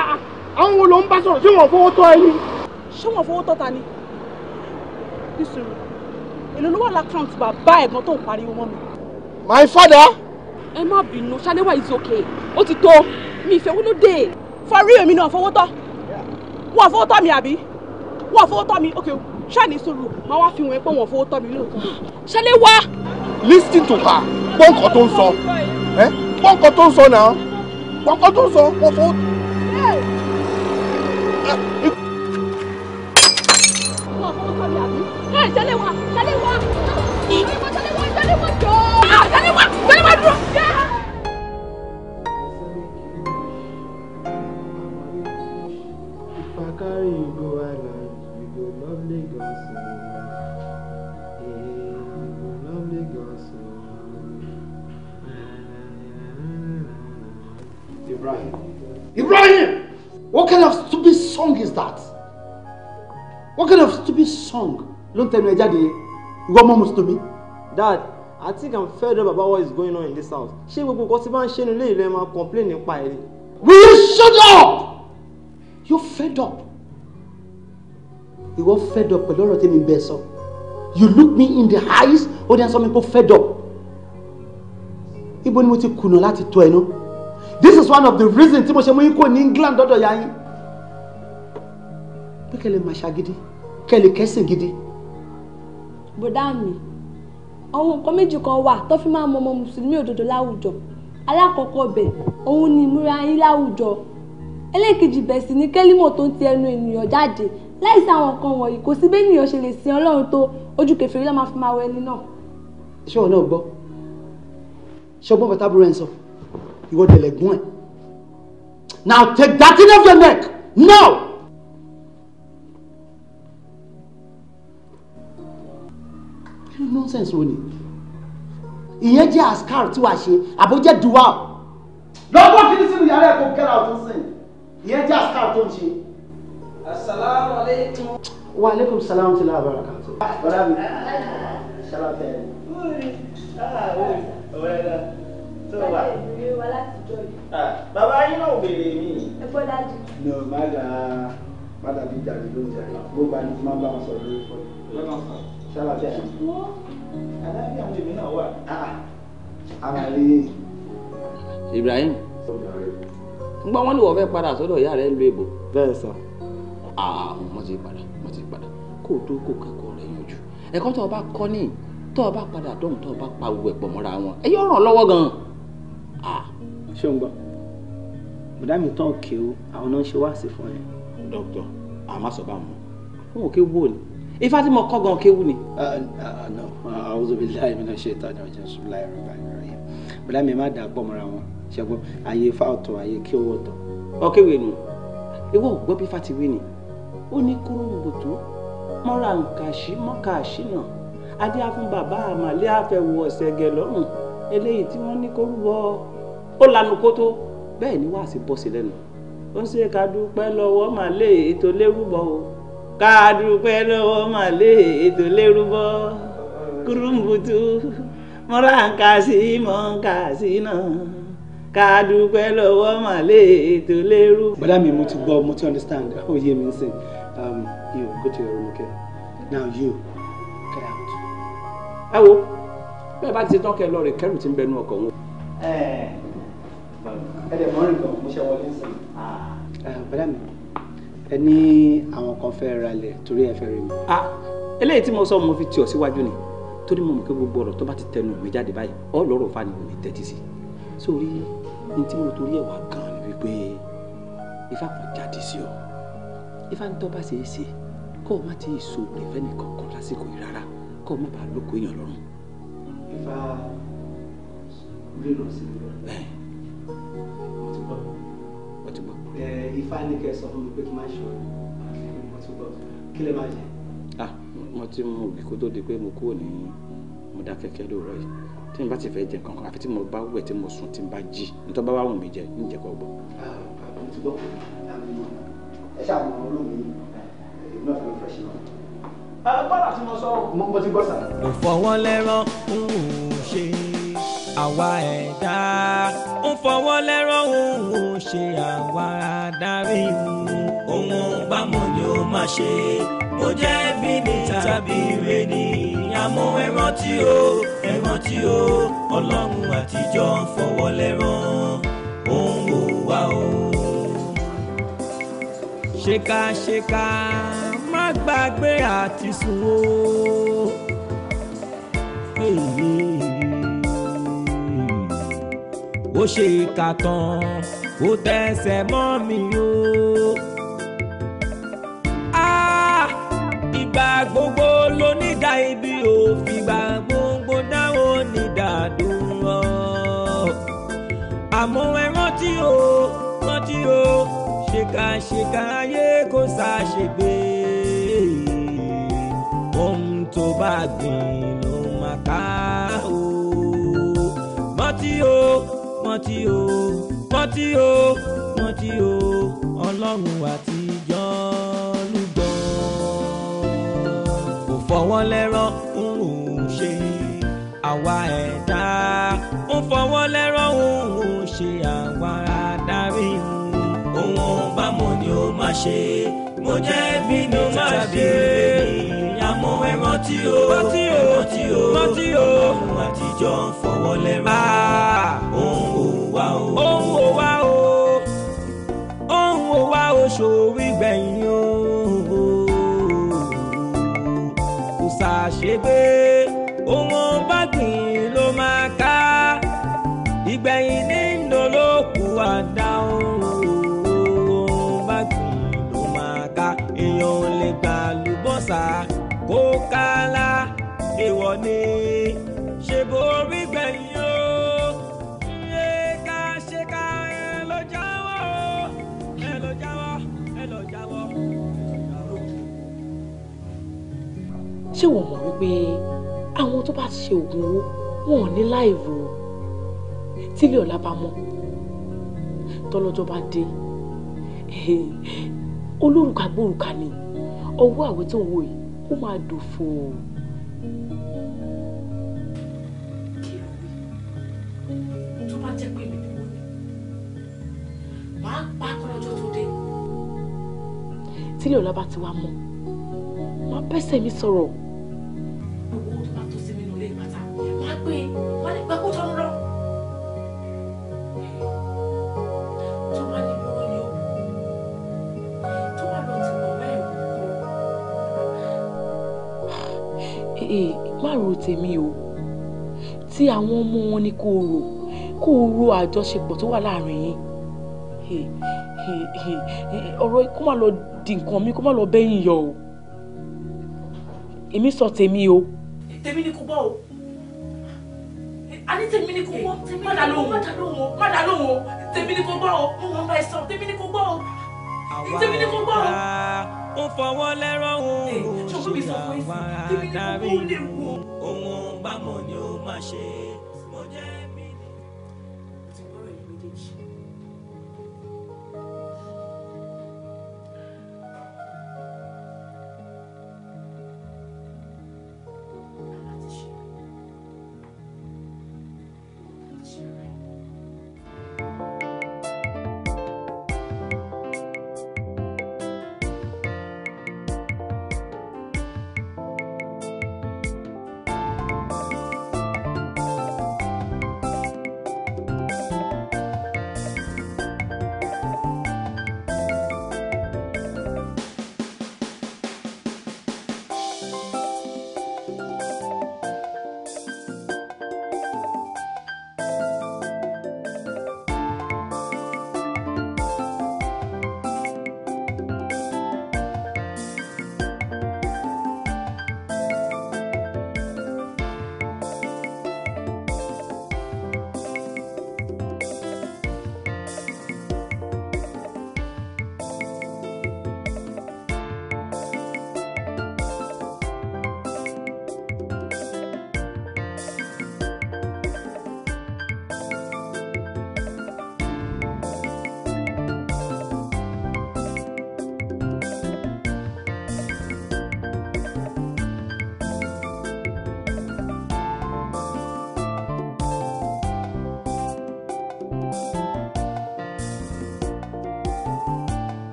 Ah, ah. àwọn wo ló ń bá sọ̀rọ̀ ṣé wọ́n fowó tọ́ ẹni. ṣé wọ́n fowó tọ́ ta ni. nísìnyí èlò ló wà lákàntì bàbá ẹ̀gbọ́n tó ń pariwo mọ́ mi my father. ẹ má bínú ṣaléwà is okay ó ti tó mi ìfẹ́ For real, fọrí èmi náà fọwọ́ tọ́ wọn fọwọ́ tọ́ mi àbí wọn fọwọ́ tọ́ mi okay ṣáàní sọ̀rọ̀ máa wá fi wọn pé wọn fọwọ́ tọ́ mi lóòótọ́ ṣaléwà. listen to her pọ́ǹkọ̀ tó ń sọ pọ́ǹkọ̀ tó ń sọ náà pọ́ǹkọ̀ tó ń sọ wọn fọwọ́. wọn fọwọ́ tọ́ mi àbí ṣaléwà ṣaléwà. carry you go island, you go love Lagos. Ibrahim. Ibrahim! What kind of stupid song is that? What kind of stupid song? Don't tell me jáde ìwọ ọmọ Mùsùlùmí. Dad, I think I'm fed up about what is going on in this house. Ṣé gbogbo nǹkan tí bá ń ṣe Will you shut up? You're fed up. You ìwọ fed up pẹ̀lú ọ̀rọ̀ tèmi bẹ́ẹ̀ sọ you look me in the eyes ó ní asọ́ mi kó fed up ibo ni mo ti kùnà láti tọ́ ẹ náà this is one of the reasons tí mo ṣe mú yín kó ní England dọ́dọ̀ ya yín pé kẹ́lẹ̀ máa ṣàgídí kẹ́lẹ̀ kẹ́sìn gidi. bùdá mi àwọn nǹkan méjì kan wà tó fi máa mọ ọmọ mùsùlùmí òdodo láwùjọ alákọ̀ọ́kọ́ bẹ̀ òun ni ìmúra yín láwùjọ ẹlẹ́ẹ̀kejì bẹ̀ sì ni kẹ́límọ̀ tó ń ti ẹnu ènìyàn jáde láì sí àwọn nǹkan wọ̀nyí kò sí bẹ́ẹ̀ nìyẹn ṣe lè sin ọlọ́run tó ojú kẹfìrí lọ́ọ́ máa fi máa wọ ẹni náà. ṣé òun gbọ́ ṣé ọgbọ́n bàtà burú ẹ̀ ń sọ ìwọ dẹ̀lẹ̀ gún ẹ̀ now take that thing off your neck now. kí ló nonsense wo ni ìyẹn jẹ́ askar tí wàá ṣe àbójẹ́ duwa. lọ́gbọ́n kìí sínú yàrá ẹ̀ kó get out ń sìn ìyẹn jẹ́ askar tó ń ṣe. Assalamualaikum. aleykum. wa aleykum salaam ti laa baraka. bala mi sara tẹ. bàbá yín náà bèrè mi. ẹ bọ́ dájú. no má dà má dà bí jàre ló ń jàre bó bá ní má bá wọn sọ̀rọ̀ lórí fọ́ọ̀lù. sara tẹ. aláàbí àwọn èmi náà wà. ara ah, ah. Ibrahim ngbọ́n wọn ni wọ́n fẹ́ padà sọ́dọ̀ ìyá rẹ̀ ń lo èbò. bẹ́ẹ̀ sọ wọ́n ah, ti padà wọ́n ti padà kó o tó kó kẹ́kọ̀ọ́ rẹ̀ yanjú ẹ̀kọ́ tó o bá kọ́ ní tó o bá padà dọ́hùn tó o bá pa owó ẹ̀pọ̀ mọ́ra wọn ẹ yóò ràn lọ́wọ́ gan-an. Ah. ṣé o ń gbọ́ bùdá mi tán òkè o àwọn náà ń ṣe wá sí fún ẹ. dókítà àmọ́ sọ bá mu. fún òkè wò ni ifá tí mo kọ́ gan kéwù ni. Ah, a'udhu billahi minash shaitani rajim bismillahir rahmanir rahim bùdá mi má dà pọ̀ mọ́ra wọn ṣẹ́gun àyè ifá ọ̀tọ̀ àyè kí owó ọ̀tọ̀. ọ̀kẹ́wé nu ìwọ ò gbọ́ bí ifá ti wí ni oníkúròǹgbòtó mọ́ra nkàṣí mọ́kàṣí náà adé afún bàbá àmàlẹ́ àfẹ̀wò ọ̀sẹ̀gẹ̀ lọ́rùn eléyìí tí wọ́n ní kó rúbọ ó lanu kótó bẹ́ẹ̀ ni wàá sì bọ́ sí lẹ́nu ó ṣe ká dúpẹ́ lọ́wọ́ màlẹ́ ètò lérúbọ o ká dúpẹ́ lọ́wọ́ màlẹ́ ètò lérúbọ kúrúǹgbòtó mọ́ra nkàṣí mọ́kàṣí náà ká dúpẹ́ lọ́wọ́ màlẹ́ ètò lérúbọ. bọ́dá mi mo ti gbọ́ mo ti understand ó yé mi sìn. Um, you, go to your room, okay? Now you, get out. Ẹ wo, bẹ́ẹ̀ bá ti ṣe tán kẹ́ ẹ lọ rè kẹ́rù tí ń bẹnu ọkọ̀ wọn. Ẹ ẹ dẹ̀ mọ́rin kan, mo ṣe wọlé sí i. Ah. Eh, bẹ́ẹ̀ mi, ẹ ní àwọn kan fẹ́ ralẹ̀ torí ẹ fẹ́ rí mi. Ah, eléyìí tí mo sọ mo fi tì ọ́ síwájú ni torí mo mọ̀ pé gbogbo ọ̀rọ̀ tó bá ti tẹnu mi jáde báyìí ọ̀ lọ́rọ̀ fa ni mo lè tẹ́tí sí sórí ní tí mo torí ẹ̀ wá gan ni wípé ifá jáde sí ọ ifá ní tọ́ bá ṣe é ṣe kó o má ti ìṣòro ìfẹ́ni kankan lásìkò yìí rárá kó o má bàa lóko èèyàn lọ́rùn. ifá rírọ sí mi. bẹ́ẹ̀ mo ti gbọ́. mo ti gbọ́. ẹ ifá ní kẹ́ ẹ sọ fún mi pé kí n má ṣe ọ̀rọ̀ gbọ́ kí lè má jẹ. ah mo ti mu òbí kó tó di pé mo kúrò ní mo dá kẹ̀kẹ́ lóòrọ̀ yìí tí n bá ti fẹ́ jẹ kankan àfi tí mo bá wẹ̀ tí mo sùn tí n bá jí nítorí bá wà wù mí jẹ ń jẹ kọ́ ah bàbá gbọ́ ṣàmù olómi náà fi fẹ́ ṣe wọn. bọ́lá tí mo sọ mo ti gbọ́ sà. kò fọwọ́ lẹ́rán ń ṣe àwa ẹ̀dá ń fọwọ́ lẹ́rán ń ṣe àwa adarí ohun bámu ni ó máa ṣe ó jẹ́ bí ní tàbí ire ni àmọ́ ẹran tí ó ẹran tí ó ọlọ́run àtijọ́ ń fọwọ́ lẹ́rán òun ò wá o ṣèkàṣèkà má gbàgbé àti sùn o. ó ṣe ìkà tán ó tẹsẹ̀ mọ́ mi o. Ah, ìgbà gbogbo ló nídà ibi ò fìgbà gbogbo dáwọ́ nídà dúró. àmọ́ ẹ rántí o rántí o ṣèkàṣèkà kó ṣàṣègbè ohun tó bá gbìn ló máa ká o. mọ́tí o mọ́tí o mọ́tí o mọ́tí o ọlọ́run àtijọ́ lùgbọ́n kò fọwọ́ lẹ́rọ̀ ń ṣe àwa ẹ̀dá ń fọwọ́ lẹ́rọ̀ ń. má ṣe mo jẹ́ bínú má ṣe àmọ́ ẹ̀rọ tí o ẹ̀rọ tí o ọ̀run àtijọ́ ń fọwọ́ lẹ́rọ ah. ohun ò wá o. ohun ò wá o ohun ò wá o ṣòwò ìgbẹ̀yìn o kò ṣàṣegbé ohun bá gbìn ló máa ká ìgbẹ̀yìn ní. kálá èèwọ̀ ni ṣe borí gbẹ̀yìn o ṣé ká ṣe ká ẹ lọ jáwọ́ ẹ lọ jáwọ́ ẹ lọ jáwọ́. ṣé wọ́n mọ̀ wípé àwọn tó bá ti ṣe oògùn owó wọn ò ní láì rò tílé ọ̀la bá mọ́ tọ́lọ́jọ́ bá dé olórùka gbórùka ni ọwọ́ àwẹ̀ yìí ó máa dòfò. tó bá jẹ́ pé mi ni mo ní máa ń pa kọ́lọ́jọ́ tó dé. tí lèola bá ti wá mọ́ máa bẹ́sẹ̀ mi sọ̀rọ̀. rò tèmi o ti àwọn ọmọ wọn ni kò rò kò rò àjọṣepọ̀ tó wà láàrin yín ọ̀rọ̀ kó má lọ di nǹkan mi kó má lọ bẹ́yìn yọ o èmi sọ tèmi o. tèmi ni kò gbọ́ o ani tèmi ni kò gbọ́ má dà lóhùn má dà lóhùn má dà lóhùn tèmi ni kò gbọ́ o mo mọ̀ bá sọ tèmi ni kò gbọ́ o tèmi ni kò gbọ́ o ń fọwọ́ lẹ́rọ̀ òun ò ṣe àwọn adarí òun bámọ̀ ni ó máa ṣe é.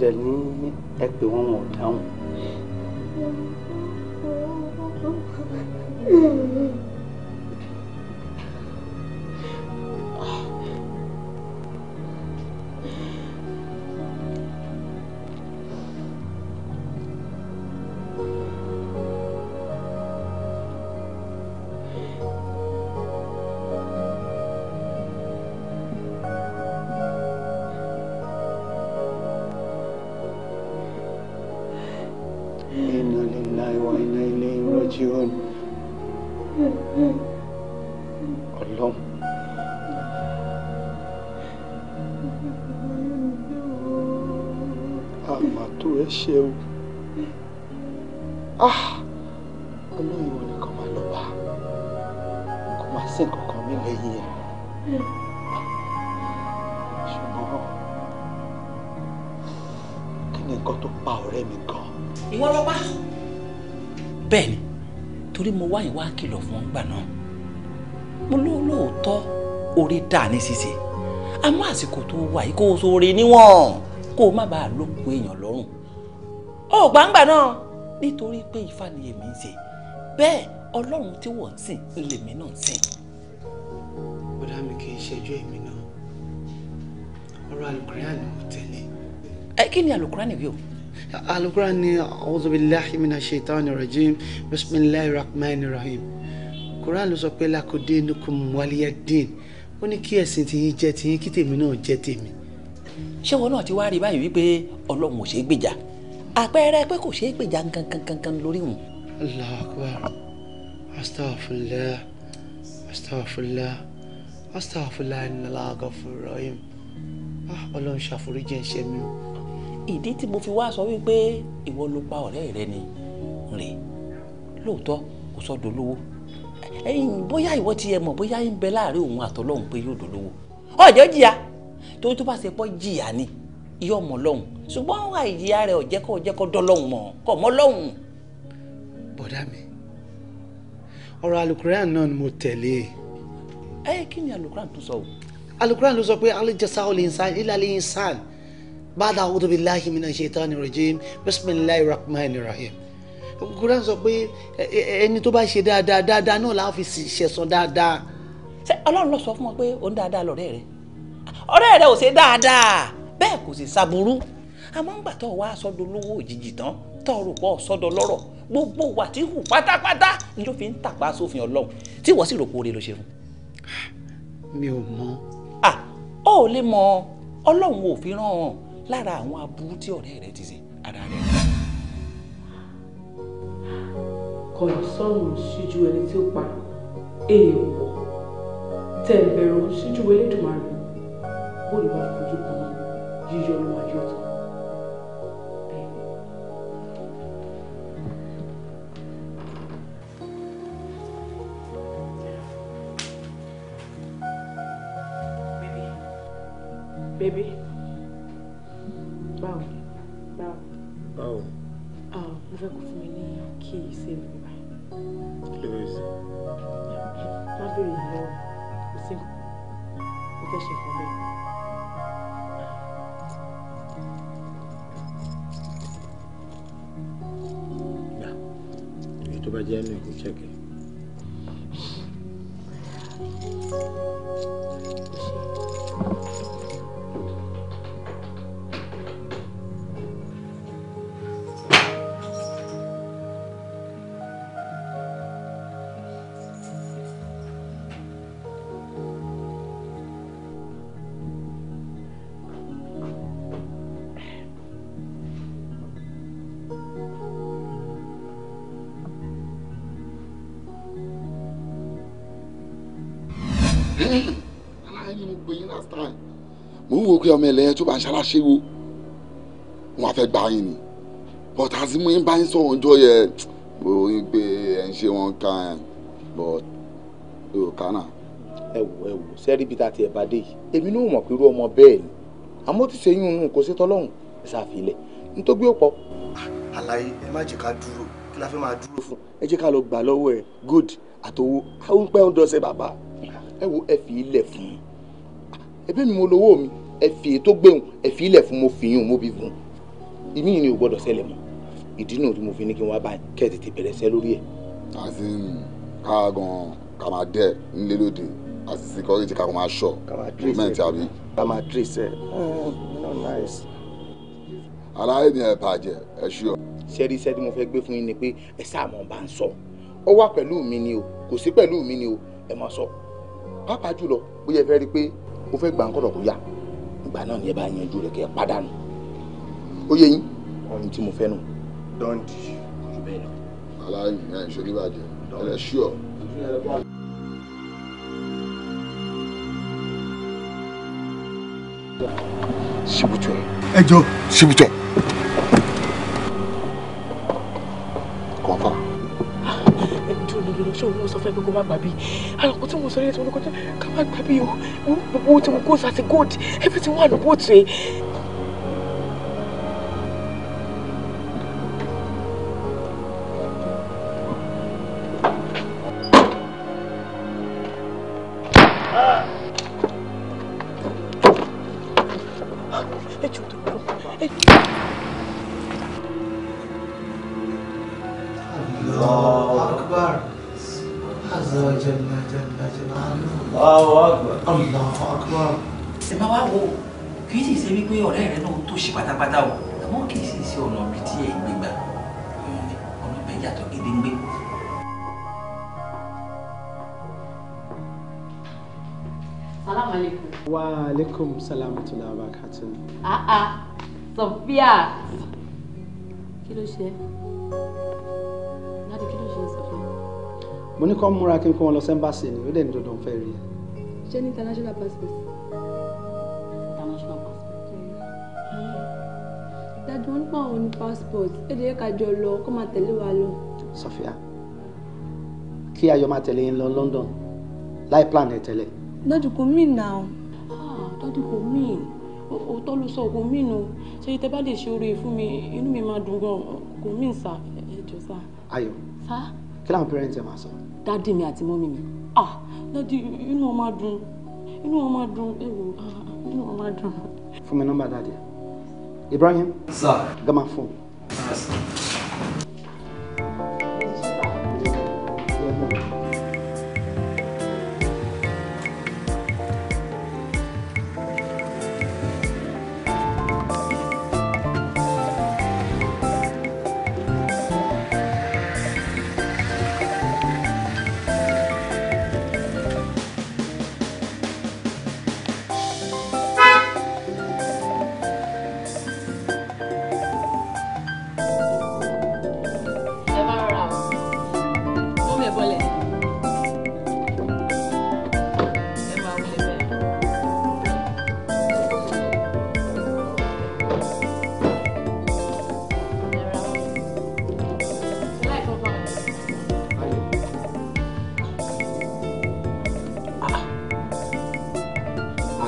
dẹ̀ ní ẹ pè wọ́n orí dà ní ṣíṣe àmọ́ àsìkò tó wà yìí kó o sóore níwọ̀n kó o má bàa lókun èèyàn lọ́rùn ó gbàǹgbà náà nítorí pé Ifá ni èmi ń ṣe bẹ́ẹ̀ Ọlọ́run tí wọ́n ń sìn lèmi náà ń sìn. bọ́dá mi kì í ṣẹjọ́ èmi náà ọ̀rọ̀ alukura ni mo tẹ̀lé. ẹ kí ni alukura ni wíwọ. alukura ni a'udhu billahi minash shaitani rajim bismillahir rahmanir rahim kuran ó ní kí ẹ̀sìn tiyín jẹ́ tiyín kí tèmi náà jẹ́ tèmi. ṣé wọn náà ti wá rí báyìí wípé ọlọ́run ò ṣeé gbèjà àpẹẹrẹ pé kò ṣeé gbèjà kankankan lórí wọn. Allahu Akbar astaghfirullah astaghfirullah astaghfirullah innal ghafurur rahim ah, ọlọ́run ṣàforíjì ẹ̀ṣẹ̀ mi. ìdí tí mo fi wá sọ wípé ìwọ ló pa ọ̀rẹ́ rẹ ni rè lóòótọ́ kò sọ́dọ̀ lówó ẹyin bóyá ìwọ ti ẹ mọ̀ bóyá ń bẹ láàrin òun àtọlọ́hun pé yóò dolówó ọjọ́ jìyà torí tó bá ṣe pọ́ jìyà ni iye ọmọ lọ́hùn ṣùgbọ́n wà ìjìyà rẹ̀ ọ̀jẹ́kọ̀ ọ̀jẹ́kọ̀ dọ́lọ́hùn mọ̀ kọ̀ mọ́ lọ́hùn. bọ̀dá mi ọ̀rọ̀ alukuran náà ni mo tẹ̀lé. ẹ kí ni alukuran tún sọ o. alukuran ló sọ pé alijasa olè nsán ilàlẹ nsán bá a dà a'udhu billahi minash shaitani rajim bismillahir rahmanir rahim kúrẹ́ sọ pé ẹni tó bá ṣe dáadáa dáadáa náà láà fi ṣẹ̀san dáadáa. ṣé ọlọ́run lọ sọ fún ọ pé òun dáadáa lọ̀rẹ́ rẹ ọ̀rẹ́ rẹ ò ṣe dáadáa bẹ́ẹ̀ kò sì ṣàbùrú àmọ́ ń gbà tó wá sọ́dọ̀ olówó òjijì tán tó rò pọ̀ sọ́dọ̀ lọ́rọ̀ gbogbo wà tí hù pátápátá ni ló fi ń tàpá sófin ọlọ́run tí wọ́n sì rò pé oore ló ṣe fún. mi ò mọ. à ó lè mọ ọlọ́run ò fi ràn án lára àwọn aburú tí ọ̀rẹ́ rẹ ti ṣe ara rẹ. kọ̀yìn sọ́run síjú ẹni tí ó pa èèwọ̀ tẹ̀ bẹ̀rù síjú Elédùmarè bó ni wàá fojú kan yíyọ ló wá yọ tán. Baby. Báwo. Báwo. Báwo. Mo fẹ́ kó fún mi ní kí ìsinmi lóòsì. lábẹ́rẹ́ yìí lọ́wọ́ kò sí mo fẹ́ ṣe Yeah. bẹ́ẹ̀. tó bá jẹ́ ẹnu ìkó ṣẹ́kẹ̀ẹ́. ọmọ ẹlẹ́yìn tó bá ń ṣaláṣẹ́wó wọn á fẹ́ gbà yín ni but azimu yín bá yín sọ̀rọ̀ ọjọ́ yẹ bó yín pé ẹ̀ ń ṣe wọn kan ẹ̀ but yóò kán náà. ẹ wò ẹ wò sẹ́rí bíi tàti ẹ̀ bá dé yìí èmi náà mọ̀ pé irú ọmọ bẹ́ẹ̀ ni àmọ́ ti ṣe yún un kò ṣe tọ́lọ́hún ẹ̀ ṣàfilẹ̀ nítorí ó pọ̀. àlàyé ẹ má jẹ́ ká dúró kí la fẹ́ máa dúró fún ẹ jẹ́ ká lọ gbà lọ́wọ́ ẹ good àtòwò àwọn pẹ́ ń dọ̀sẹ̀ bàbá ẹ wo ẹ fi ilẹ̀ fún un ẹbí mi mo lówó mi ẹ fi èyí tó gbẹ̀hùn ẹ fi ilẹ̀ fún mo fi yún mo bí gùn ìmí yìí ni ò gbọ́dọ̀ ṣẹlẹ̀ mọ́ ìdí náà tí mo fi ní kí n wá bá kẹ́ tètè bẹ̀rẹ̀ sẹ́ lórí ẹ̀. àti ká gan ká máa dẹ nílé lóde àti security ká máa ṣọ movement àbí. ká máa trace ẹ hmm, no nice. aláyé ni ẹ bàjẹ́ ẹ ṣí ọ. sẹ́rí iṣẹ́ tí mo fẹ́ gbé fún yín ni pé ẹ sáàmọ̀ bá ń sọ ọ wà pẹ̀lú mi ni o kò sí pẹ̀lú mi ni o ẹ máa sọ pápá jùlọ bóyá ẹ fẹ́ rí i pé o fẹ́ gbà ń kọ̀dọ̀ ìgbà náà ni ẹ bá yanjú rẹ kẹ ẹ pàdánù ó yẹ yín ohun tí mo fẹ́ nù. dọ́ǹdì. aláìní àìsàn oníbàjẹ́ ẹlẹ́sì ọ̀. Sibutọ. Ẹ jọ. Sibutọ. ṣé òun ló sọ fẹ́ pé kó má gbà bí àlọ́kọ́ tí mo sọ yẹn tí mo ní kọjá ká má gbà o gbogbo tí mo kó sa ti gold everything wà ní bóòtù yẹn rahmatullahi wa barakatuh. ah ah Sofia kí ló ṣe láti kí ló ṣe Sofia. mo ní kọ́ múra kí n kó wọn lọ sẹ́ńbàṣì ni ó dẹ̀ ní dandan fẹ́ rí ẹ. ṣé ní international passport. international passport. dájú wọn pọ̀ àwọn ní passport èdè yẹn ká jọ lọ kó máa tẹ̀lé wa lọ. Sofia kí ayọ̀ máa tẹ̀lé yín lọ London láì plan ẹ̀ tẹ́lẹ̀. dájú kò mí nà ọ́ dádì kò mean òótọ́ ló sọ kò mean o ṣe tẹ bá lè ṣe oore fún mi inú mi máa dùn gan kò mean sá ẹ jọ sá. ayọ̀ kí làwọn parents ẹ máa sọ. dádì mi àti mọ́mí mi ah dádì inú wọn máa dùn inú wọn máa dùn ẹ wò ah, ah, inú wọn máa dùn. fún mi nọ́mbà dádì Ibrahim. sir. gama fún. sir.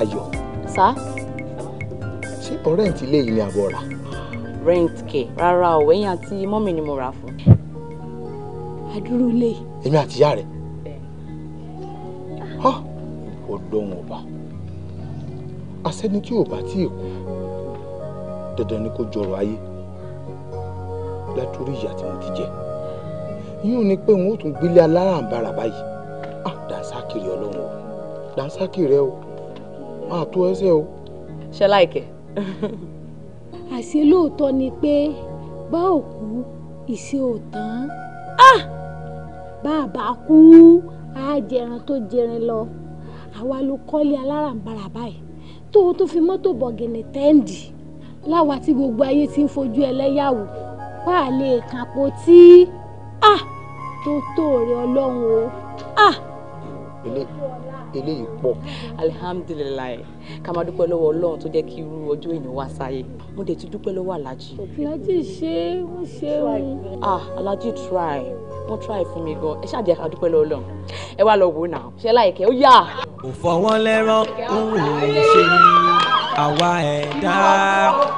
ayọ̀. sá. ṣé o rẹ́ǹtì ilé yìí ni àbọ̀ rà. rẹ́ǹtì kẹ̀ rárá o ẹ̀yìn àti mọ́mì ni mo rà fún. àdúrú ilé. èmi àti ìyá rẹ̀. ọ ò lóhun ọba asẹ́ni tí ò bá tí ì kú dandan ni kó jọrọ ayé látòrí ìyà tí mo ti jẹ yíò ní pé n ó tún gbélé alárànbarà báyìí ah dànsákìrì ọlọ́run o dànsákìrì rẹ o àtó ẹsẹ̀ o. ṣe láìkẹ́. àṣé lóòótọ́ ni pé bá òkú ìṣe ò tán bàbá ah! kú á jẹran tó jẹrin lọ àwa ló kọ́lé alárànbarà báyìí tó o tó fi mọ́tò bọ̀gìnì tẹ́ǹdì láwa tí gbogbo ayé ti ń fojú ẹlẹ́yàwó wà á lè kàpọ̀ tí ah! tó tó rẹ ọlọ́run o. Ah! ilé eléyìí pọ̀. alihamdulilayi ká máa dúpẹ́ lọ́wọ́ ọlọ́run tó jẹ́ kí irú ọjọ́ ìní wá sáyé mo dẹ̀ ti dúpẹ́ lọ́wọ́ alájí. alájí ṣe é wọ́n ṣe é wọ́n. ah alájí try wọ́n try fún mi gan ẹ ṣáà jẹ́ ká dúpẹ́ lọ́wọ́ ọlọ́run ẹ wá lọ wò náà ṣe láìkẹ́ ó yà. kò fọwọ́ lẹ́rán òun ò ṣe ni àwa ẹ̀dá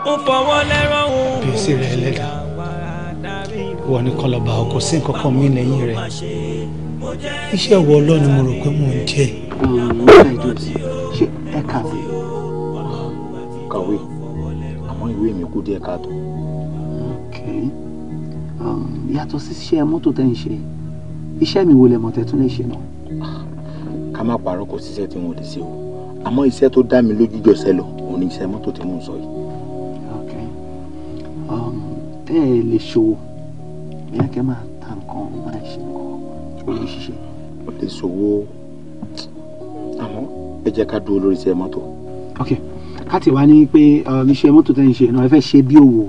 ń fọwọ́ lẹ́rán òun ò ṣe ni àwa ẹ̀dá. ìwọ ni kọlọba ọkọ sí nǹkan kan mí lẹ́yìn rẹ̀ iṣẹ́ ìwọ ọlọ́ni mo rò pé mò ń jẹ́. ṣé ẹ kàwé kàwé àmọ́ ìwé mi kú díẹ̀ káàtó. Um, yàtọ̀ sí iṣẹ́ mọ́tò tẹ́ ń ṣe iṣẹ́ mi wo lẹ mọ̀ tẹ́ tún lè ṣe náà. ká má parọ́ kò síṣẹ́ tí wọ́n lè ṣe o àmọ́ iṣẹ́ tó dá mi lójú jọ̀ṣẹ́ lọ òun ni iṣẹ́ mọ́tò tí mò ń sọ yìí. Um, ẹ lè ṣòwò bí kẹ́ máa ó lè ṣiṣẹ́ ó lè ṣòwò àmọ́ ẹ jẹ́ ká dúró lórí iṣẹ́ mọ́tò. ok ká wá ní pé iṣẹ́ mọ́tò tẹ́ ń ṣe náà ẹ fẹ́ ṣe bí òwò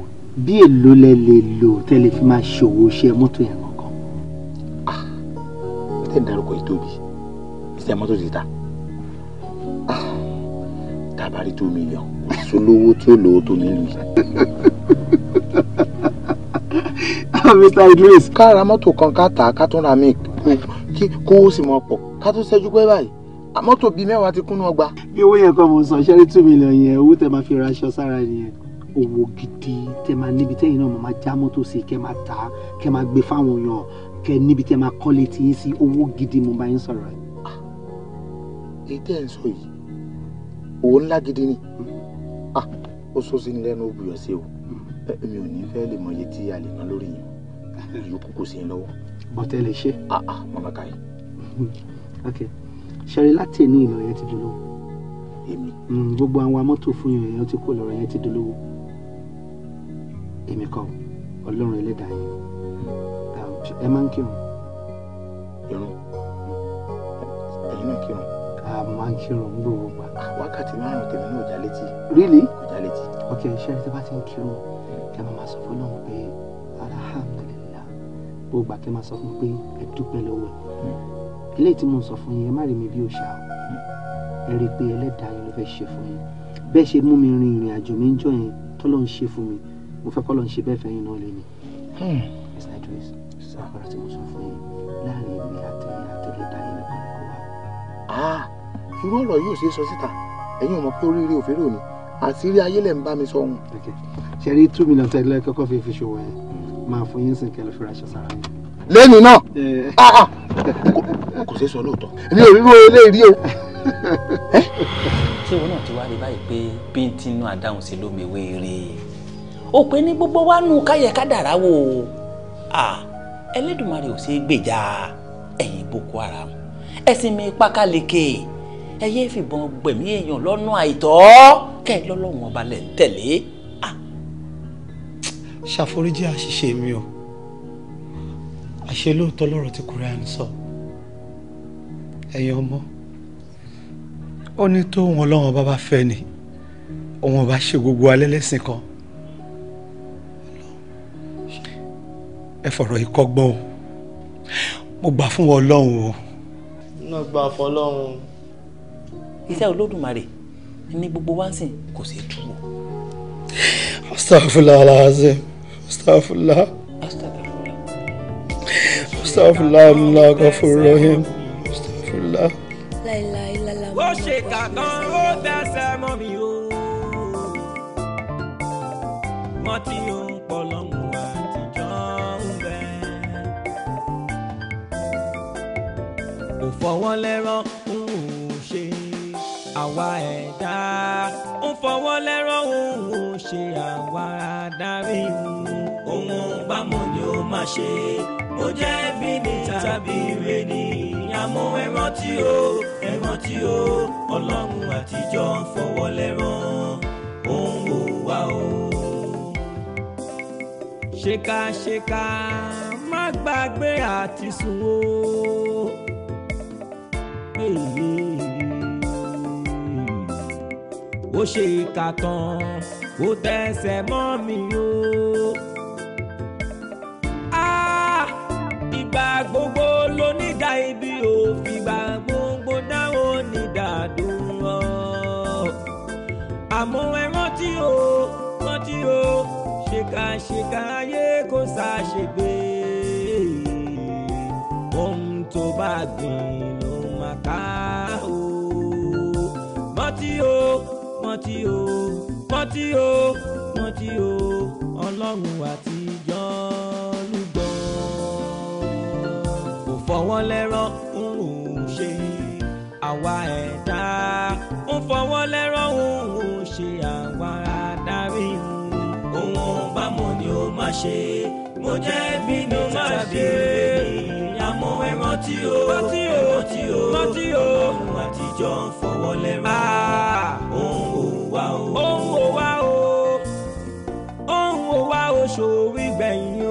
bí èlò lẹ lè lò tẹ́ fi máa ṣòwò iṣẹ́ mọ́tò yẹn kankan. ah tẹ́ ń darúkọ ìtóbi iṣẹ́ mọ́tò ti ta ah tábàárí tó mílíọ̀n kò sólówó tó lówó tó nílùú yìí. Mr Idris. ká ra mọ́tò kan ká tà ká tún ra míì kí kówó sì mọ pọ̀ ká tó ṣẹ́jú pé báyìí mọ́tò bíi mẹ́wàá ti kúnnú ọgbà. bí owó yẹn kọ́ mo sọ ṣẹ́rí two million yẹn owó tẹ máa fi ra aṣọ sára nìyẹn owó gidi tẹ máa níbi tẹ́yìn náà máa já mọ́tò sí kẹ́ máa tà á kẹ́ máa gbé fáwọn èèyàn kẹ́ níbi tẹ́ máa kọ́lé tí yín sí owó gidi mo bá yín sọ̀rọ̀ ẹ̀. Ah, èyí tẹ́ ẹ̀ ń sọ yìí owó ńlá gidi ni hmm. ah, ó sọ sí ni lẹ́nu òbúyọ̀ sí o hmm. mi ò ní fẹ́ lè mọ iye tí a lè ná lórí yẹn yóò kúkú sí i lọ́wọ́ bọ̀tẹ́ lè ṣe. Ah, ah, mama kai. ok ṣẹ̀rí láti ẹni ìlọ yẹn ti dolówó. èmi. Mm, gbogbo àwọn amọ́tò fún yẹn yẹn ti kó lọ́rọ̀ yẹn ti dolówó. èmi kọ́ ọlọ́run ẹlẹ́dàá yẹn um, ẹ máa ń kírun. irun ẹ̀yin náà kírun. a máa ń kírun ń gbòòrò gbà. wákàtí márùn tèmi náà ò já létí. really. kò já létí. ok ṣẹ́rí tí bá ti ń kírun hmm. ẹ máa máa sọ fún ọlọ́run pé gbogbo ìgbà kẹ́ máa sọ fún pé ẹ dúpẹ́ lọ́wọ́ ẹ eléyìí tí mo sọ fún yín ẹ má rí mi bí òòṣà o ẹ rí i pé ẹlẹ́dàá yẹn ló fẹ́ ṣe fún yín bẹ́ẹ̀ ṣe mú mi rin ìrìn àjò mi ń jọ yẹn tọ́lọ́ ń ṣe fún mi mo fẹ́ kọ́ lọ́n ṣe bẹ́ẹ̀ fẹ́yìn náà lónìí. Mr. Idris sọ àpárá tí mo sọ fún yín láàrin èmi àti ẹ̀yìn àti ẹlẹ́dàá yẹn ló kọ́ wa. Ah, irú ọ̀rọ̀ yóò ṣe é sọ síta ẹ̀yin ò mọ̀ pé òfin rò ní àti ayé lẹ̀ ń bá mi sọ ohun. ṣe rí two million fi fi ṣòwò yẹn máa fún yín sìn kẹ́ ló fi raṣọ sára. lẹ́nu náà eh. ah, ah. kò ṣeé sọ lóòótọ́. mi ò rírú ilé rí o. ṣé ìwọ náà ti wá rí báyìí pé bí n ti nu àdáhùn sí lómewé rè é ó pé ní gbogbo wa nù káyẹ kádàrá wò ó ẹlẹ́dùnmarè ò ṣeé gbèjà ẹ̀yìn boko haram ẹ̀sìn mi pákáleke ẹ̀yẹ́ fìbọn gbẹ̀mí èèyàn lọ́nà àìtọ́ kẹ́ ẹ lọ́lọ́run ọba lẹ̀ ṣàforíjì àṣìṣe mi o àṣẹ lóòótọ́ lọ́rọ̀ tí Quran sọ ẹ̀yin ọmọ ó ní tó wọn lọ́wọ́n bá bá fẹ́ ni òun bá ṣe gbogbo alẹ́ lẹ́sìn kan ẹ fọ̀rọ̀ ìkọ́gbọ́n o mo gbà fún wọn lọ́hùn o. mo gbà fún ọlọ́hun. iṣẹ́ olódùmarè ní gbogbo wáńsìn kò sí dúró. astaghfirullah alazim astaghfirullah astaghfirullah allah ghafur rahim astaghfirullah. láìláì lálá mo ń bọ̀ kankan ó bẹ́sẹ̀ mọ́ mi o mọ́ tí ó ń pọ̀ lọ́mú àtijọ́ ń bẹ́. kò fọwọ́ lẹ́rọ̀ ń fọwọ́ lẹ́rọ̀ òun ṣe àwa adarí òun. ohun bámu ni ó máa ṣe ó jẹ́ ẹbí ni tàbí ire ni àmọ́ ẹran tí ó ẹran tí ó ọlọ́run àtijọ́ fọwọ́ lẹ́rọ̀ òun ò wá o. ṣèkàṣèkà má gbàgbé àti sùn o. Hey, hey. ó ṣe ìkà tán ó tẹsẹ̀ mọ́ mi o. Ah, ìgbà gbogbo ló nídà ibi ò fìgbà gbogbo dáhùn nídàdúró àmọ́ ẹ rántí o rántí o ṣèkàṣèkà ayé kò ṣàṣègbè ohun tó bá gbìn ló máa ká o rántí o wọ́n ti o wọ́n ti o wọ́n ti o ọlọ́run àtijọ́ lùgbọ́n. kò fọwọ́ lẹ́rọ̀ ń ò ṣe àwa ẹ̀dá ń fọwọ́ lẹ́rọ̀ ń ò ṣe àwa adarí òun ò bá mọ̀ ni ó má ṣe mo jẹ́ bí ni ó má ṣe àmọ́ ẹran tí o ẹran tí o ọlọ́run àtijọ́ ń fọwọ́ lẹ́rọ̀ wá o. ó ń wo wá o. ó ń wo wá o ṣòwò ìgbẹ̀yìn